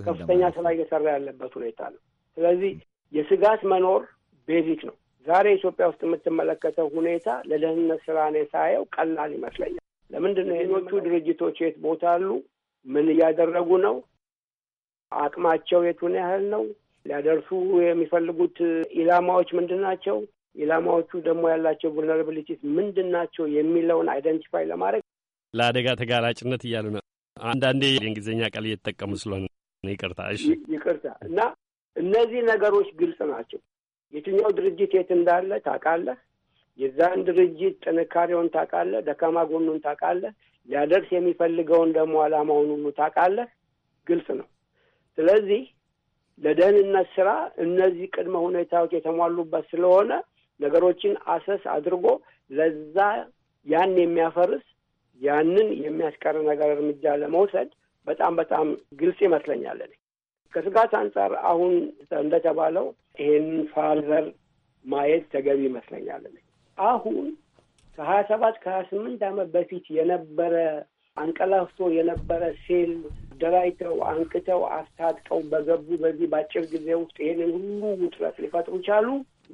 ከፍተኛ ስራ እየሰራ ያለበት ሁኔታ ነው። ስለዚህ የስጋት መኖር ቤዚክ ነው። ዛሬ ኢትዮጵያ ውስጥ የምትመለከተው ሁኔታ ለደህንነት ስራ ነው ሳየው ቀላል ይመስለኛል። ለምንድን ነው ይህኖቹ ድርጅቶች የት ቦታ አሉ? ምን እያደረጉ ነው? አቅማቸው የቱን ያህል ነው? ሊያደርሱ የሚፈልጉት ኢላማዎች ምንድን ናቸው? ኢላማዎቹ ደግሞ ያላቸው vulnerabilities ምንድን ናቸው የሚለውን አይደንቲፋይ ለማድረግ
ለአደጋ ተጋላጭነት እያሉ ነው። አንዳንዴ የእንግሊዝኛ ቃል እየተጠቀሙ ስለሆነ ይቅርታ። እሺ፣
ይቅርታ እና እነዚህ ነገሮች ግልጽ ናቸው። የትኛው ድርጅት የት እንዳለ ታውቃለህ። የዛን ድርጅት ጥንካሬውን ታውቃለህ፣ ደካማ ጎኑን ታውቃለህ፣ ሊያደርስ የሚፈልገውን ደግሞ አላማውን ሁሉ ታውቃለህ። ግልጽ ነው። ስለዚህ ለደህንነት ስራ እነዚህ ቅድመ ሁኔታዎች የተሟሉበት ስለሆነ ነገሮችን አሰስ አድርጎ ለዛ ያን የሚያፈርስ ያንን የሚያስቀር ነገር እርምጃ ለመውሰድ በጣም በጣም ግልጽ ይመስለኛል ከስጋት አንጻር አሁን እንደተባለው ይህን ፋዘር ማየት ተገቢ ይመስለኛል። አሁን ከሀያ ሰባት ከሀያ ስምንት ዓመት በፊት የነበረ አንቀላፍቶ የነበረ ሴል ደራጅተው አንቅተው አስታጥቀው በገቡ በዚህ በአጭር ጊዜ ውስጥ ይህንን ሁሉ ውጥረት ሊፈጥሩ ቻሉ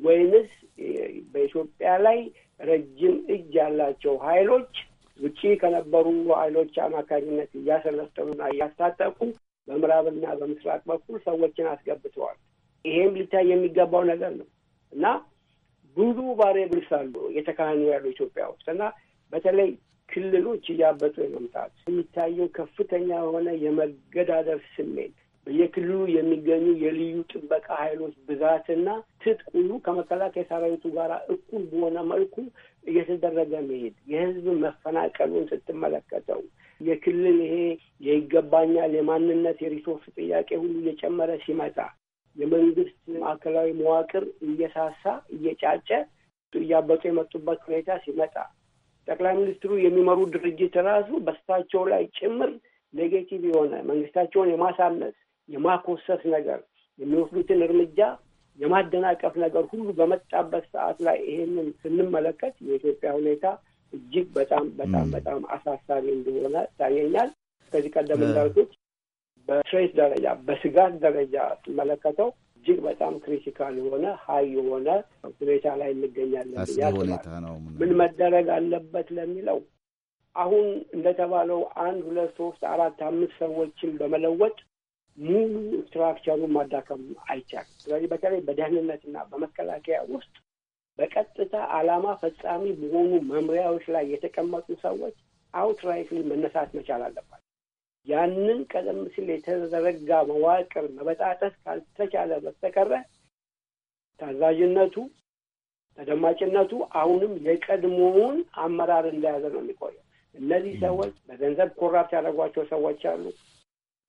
ወይንስ በኢትዮጵያ ላይ ረጅም እጅ ያላቸው ኃይሎች ውጪ ከነበሩ ኃይሎች አማካኝነት እያሰለጠኑና እያስታጠቁ በምዕራብና በምስራቅ በኩል ሰዎችን አስገብተዋል። ይሄም ሊታይ የሚገባው ነገር ነው እና ብዙ ቫሪያብልስ አሉ የተካሄዱ ያሉ ኢትዮጵያ ውስጥ እና በተለይ ክልሎች እያበጡ የመምጣት የሚታየው ከፍተኛ የሆነ የመገዳደር ስሜት በየክልሉ የሚገኙ የልዩ ጥበቃ ኃይሎች ብዛትና ትጥቅ ሁሉ ከመከላከያ ሰራዊቱ ጋር እኩል በሆነ መልኩ እየተደረገ መሄድ የህዝብ መፈናቀሉን ስትመለከተው የክልል ይሄ የይገባኛል የማንነት የሪሶርስ ጥያቄ ሁሉ እየጨመረ ሲመጣ የመንግስት ማዕከላዊ መዋቅር እየሳሳ እየጫጨ እያበጡ የመጡበት ሁኔታ ሲመጣ ጠቅላይ ሚኒስትሩ የሚመሩ ድርጅት ራሱ በስታቸው ላይ ጭምር ኔጌቲቭ የሆነ መንግስታቸውን የማሳነስ የማኮሰስ ነገር የሚወስዱትን እርምጃ የማደናቀፍ ነገር ሁሉ በመጣበት ሰዓት ላይ ይሄንን ስንመለከት የኢትዮጵያ ሁኔታ እጅግ በጣም በጣም በጣም አሳሳቢ እንደሆነ ታየኛል። ከዚህ ቀደም እንዳልኩት በትሬስ ደረጃ በስጋት ደረጃ ስመለከተው እጅግ በጣም ክሪቲካል የሆነ ሀይ የሆነ ሁኔታ ላይ እንገኛለን። ሁኔታ ነው። ምን መደረግ አለበት ለሚለው አሁን እንደተባለው አንድ ሁለት ሶስት አራት አምስት ሰዎችን በመለወጥ ሙሉ ስትራክቸሩን ማዳከም አይቻልም። ስለዚህ በተለይ በደህንነትና በመከላከያ ውስጥ በቀጥታ ዓላማ ፈጻሚ በሆኑ መምሪያዎች ላይ የተቀመጡ ሰዎች አውትራይትሊ መነሳት መቻል አለባቸው። ያንን ቀደም ሲል የተዘረጋ መዋቅር መበጣጠስ ካልተቻለ በስተቀረ ታዛዥነቱ፣ ተደማጭነቱ አሁንም የቀድሞውን አመራር እንደያዘ ነው የሚቆየው። እነዚህ ሰዎች በገንዘብ ኮራፕት ያደረጓቸው ሰዎች አሉ።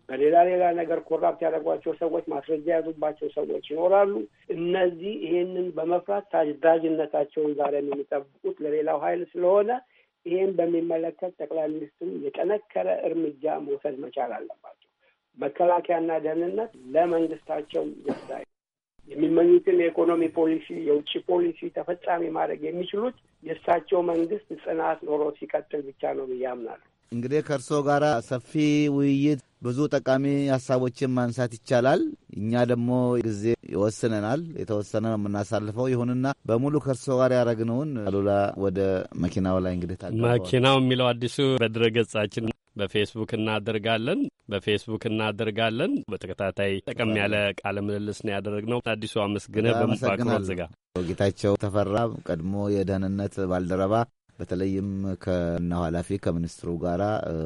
በሌላ ሌላ ነገር ኮራፕት ያደረጓቸው ሰዎች፣ ማስረጃ የያዙባቸው ሰዎች ይኖራሉ። እነዚህ ይህንን በመፍራት ታዳጅነታቸውን ዛሬም የሚጠብቁት ለሌላው ኃይል ስለሆነ ይህን በሚመለከት ጠቅላይ ሚኒስትሩ የጠነከረ እርምጃ መውሰድ መቻል አለባቸው። መከላከያና ደህንነት ለመንግስታቸው ጉዳይ የሚመኙትን የኢኮኖሚ ፖሊሲ፣ የውጭ ፖሊሲ ተፈጻሚ ማድረግ የሚችሉት የእሳቸው መንግስት ጽናት ኖሮ ሲቀጥል ብቻ ነው ብዬ አምናለሁ።
እንግዲህ ከእርስዎ ጋር ሰፊ ውይይት ብዙ ጠቃሚ ሀሳቦችን ማንሳት ይቻላል። እኛ ደግሞ ጊዜ ይወስነናል፣ የተወሰነ ነው የምናሳልፈው። ይሁንና በሙሉ ከእርስዎ ጋር ያደረግነውን አሉላ ወደ መኪናው ላይ እንግዲህ ታ መኪናው
የሚለው አዲሱ በድረ ገጻችን በፌስቡክ እናደርጋለን በፌስቡክ እናደርጋለን። በተከታታይ ጠቀም ያለ ቃለ ምልልስ ነው ያደረግነው። አዲሱ አመስግነ በምባክ ዝጋ
ጌታቸው ተፈራ ቀድሞ የደህንነት ባልደረባ በተለይም ከና ኃላፊ ከሚኒስትሩ ጋራ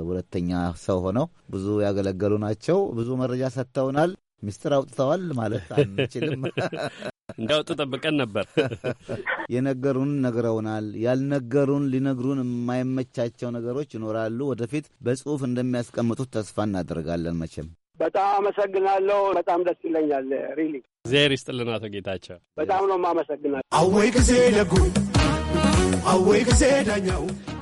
ሁለተኛ ሰው ሆነው ብዙ ያገለገሉ ናቸው። ብዙ መረጃ ሰጥተውናል። ሚስጥር አውጥተዋል ማለት አንችልም።
እንዳወጡ ጠብቀን ነበር።
የነገሩን ነግረውናል። ያልነገሩን ሊነግሩን የማይመቻቸው ነገሮች ይኖራሉ። ወደፊት በጽሁፍ እንደሚያስቀምጡት ተስፋ እናደርጋለን። መቼም
በጣም አመሰግናለሁ። በጣም ደስ ይለኛል። ሪሊ
ዜር ይስጥልን አቶ ጌታቸው
በጣም ነው የማመሰግናለሁ።
አወይ ጊዜ ለጉ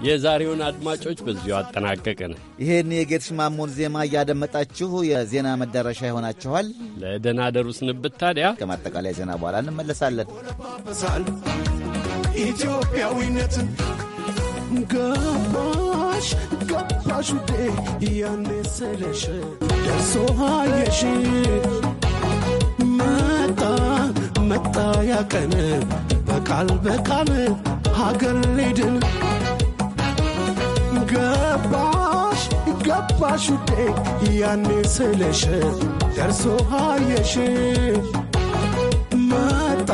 የዛሬውን አድማጮች በዚሁ አጠናቀቅን።
ይህን የጌትሽ ማሞን ዜማ እያደመጣችሁ የዜና መዳረሻ ይሆናችኋል። ለደናደሩ ስንብት ታዲያ ከማጠቃላይ ዜና በኋላ እንመለሳለን።
ኢትዮጵያዊነትን ገባሽ ገባሽ ውዴ ያኔ ደርሶ ሃየሽ መጣ መጣ ያቀን በቃል በቃል ሀገር ሊድን ገባሽ ገባሽ ውዴ ያኔ ስለሽ ደርሶ አየሽ መጣ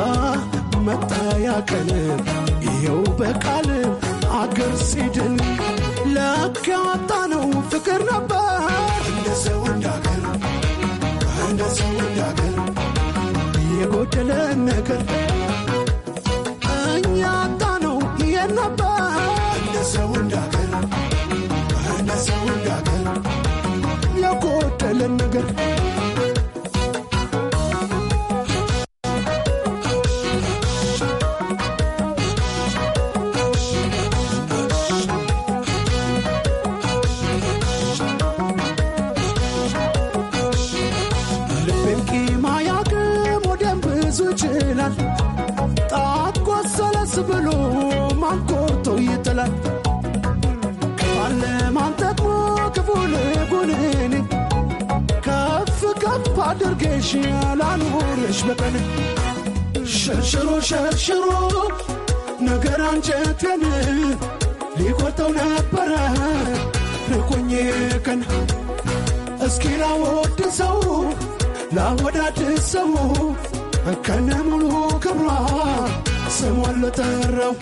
መጣ ያቀን ይኸው በቃል አገር ሲድን ለካ ነው ፍቅር ነበር እንደሰው እንዳገር እንደሰው እንዳገር የጎደለ ነገር ነበር ለሰው አድርጌሽ ያላኑርሽ በቀን ሸርሽሮ ሸርሽሮ ነገር አንጀቴን ሊቆርጠው ነበረ ርቆኝ ቀን እስኪ ላወድ ሰው ላወዳድ ሰው ከነ ሙሉ ክብሯ ስሟን ለጠራው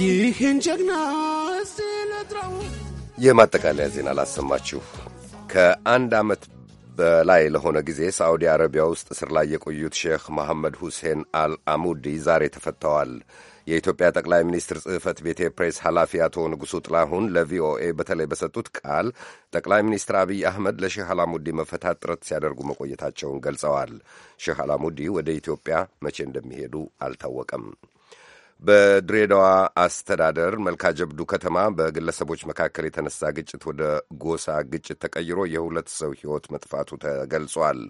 ይህን ጀግና የማጠቃለያ ዜና ላሰማችሁ። ከአንድ ዓመት በላይ ለሆነ ጊዜ ሳዑዲ አረቢያ ውስጥ እስር ላይ የቆዩት ሼክ መሐመድ ሁሴን አል አሙዲ ዛሬ ተፈተዋል። የኢትዮጵያ ጠቅላይ ሚኒስትር ጽሕፈት ቤት የፕሬስ ኃላፊ አቶ ንጉሡ ጥላሁን ለቪኦኤ በተለይ በሰጡት ቃል ጠቅላይ ሚኒስትር አብይ አህመድ ለሼህ አላሙዲ መፈታት ጥረት ሲያደርጉ መቆየታቸውን ገልጸዋል። ሼህ አላሙዲ ወደ ኢትዮጵያ መቼ እንደሚሄዱ አልታወቀም። በድሬዳዋ አስተዳደር መልካ ጀብዱ ከተማ በግለሰቦች መካከል የተነሳ ግጭት ወደ ጎሳ ግጭት ተቀይሮ የሁለት ሰው ሕይወት መጥፋቱ ተገልጿል።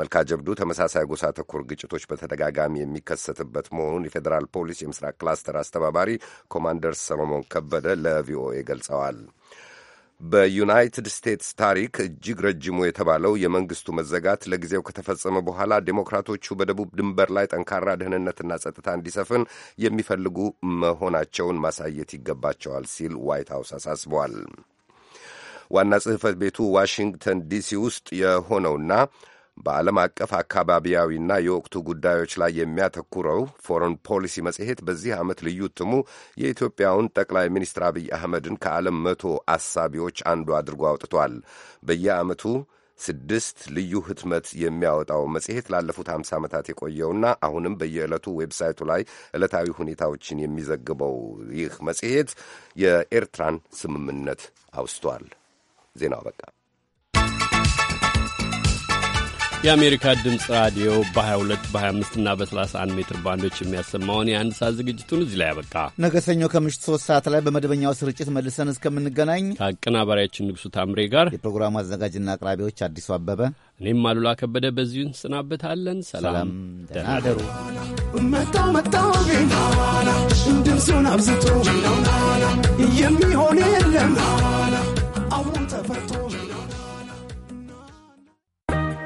መልካ ጀብዱ ተመሳሳይ ጎሳ ተኮር ግጭቶች በተደጋጋሚ የሚከሰትበት መሆኑን የፌዴራል ፖሊስ የምስራቅ ክላስተር አስተባባሪ ኮማንደር ሰሎሞን ከበደ ለቪኦኤ ገልጸዋል። በዩናይትድ ስቴትስ ታሪክ እጅግ ረጅሙ የተባለው የመንግስቱ መዘጋት ለጊዜው ከተፈጸመ በኋላ ዴሞክራቶቹ በደቡብ ድንበር ላይ ጠንካራ ደህንነትና ጸጥታ እንዲሰፍን የሚፈልጉ መሆናቸውን ማሳየት ይገባቸዋል ሲል ዋይት ሀውስ አሳስበዋል። ዋና ጽሕፈት ቤቱ ዋሽንግተን ዲሲ ውስጥ የሆነውና በዓለም አቀፍ አካባቢያዊና የወቅቱ ጉዳዮች ላይ የሚያተኩረው ፎረን ፖሊሲ መጽሔት በዚህ ዓመት ልዩ እትሙ የኢትዮጵያውን ጠቅላይ ሚኒስትር አብይ አህመድን ከዓለም መቶ አሳቢዎች አንዱ አድርጎ አውጥቷል። በየዓመቱ ስድስት ልዩ ህትመት የሚያወጣው መጽሔት ላለፉት ሀምሳ ዓመታት የቆየውና አሁንም በየዕለቱ ዌብሳይቱ ላይ ዕለታዊ ሁኔታዎችን የሚዘግበው ይህ መጽሔት የኤርትራን ስምምነት አውስቷል። ዜናው በቃ።
የአሜሪካ ድምፅ ራዲዮ በ22 በ25 እና በ31 ሜትር ባንዶች የሚያሰማውን የአንድ ሰዓት ዝግጅቱን እዚህ ላይ ያበቃ።
ነገ ሰኞ ከምሽት ሶስት ሰዓት ላይ በመደበኛው ስርጭት መልሰን እስከምንገናኝ
ከአቀናባሪያችን ንጉሱ ታምሬ ጋር የፕሮግራሙ አዘጋጅና አቅራቢዎች አዲሱ አበበ፣ እኔም አሉላ ከበደ በዚሁ እንሰናበታለን። ሰላም ደናደሩ
መጣው መጣው ድምፁን አብዝቶ የሚሆን የለም
አሁን ተፈቶ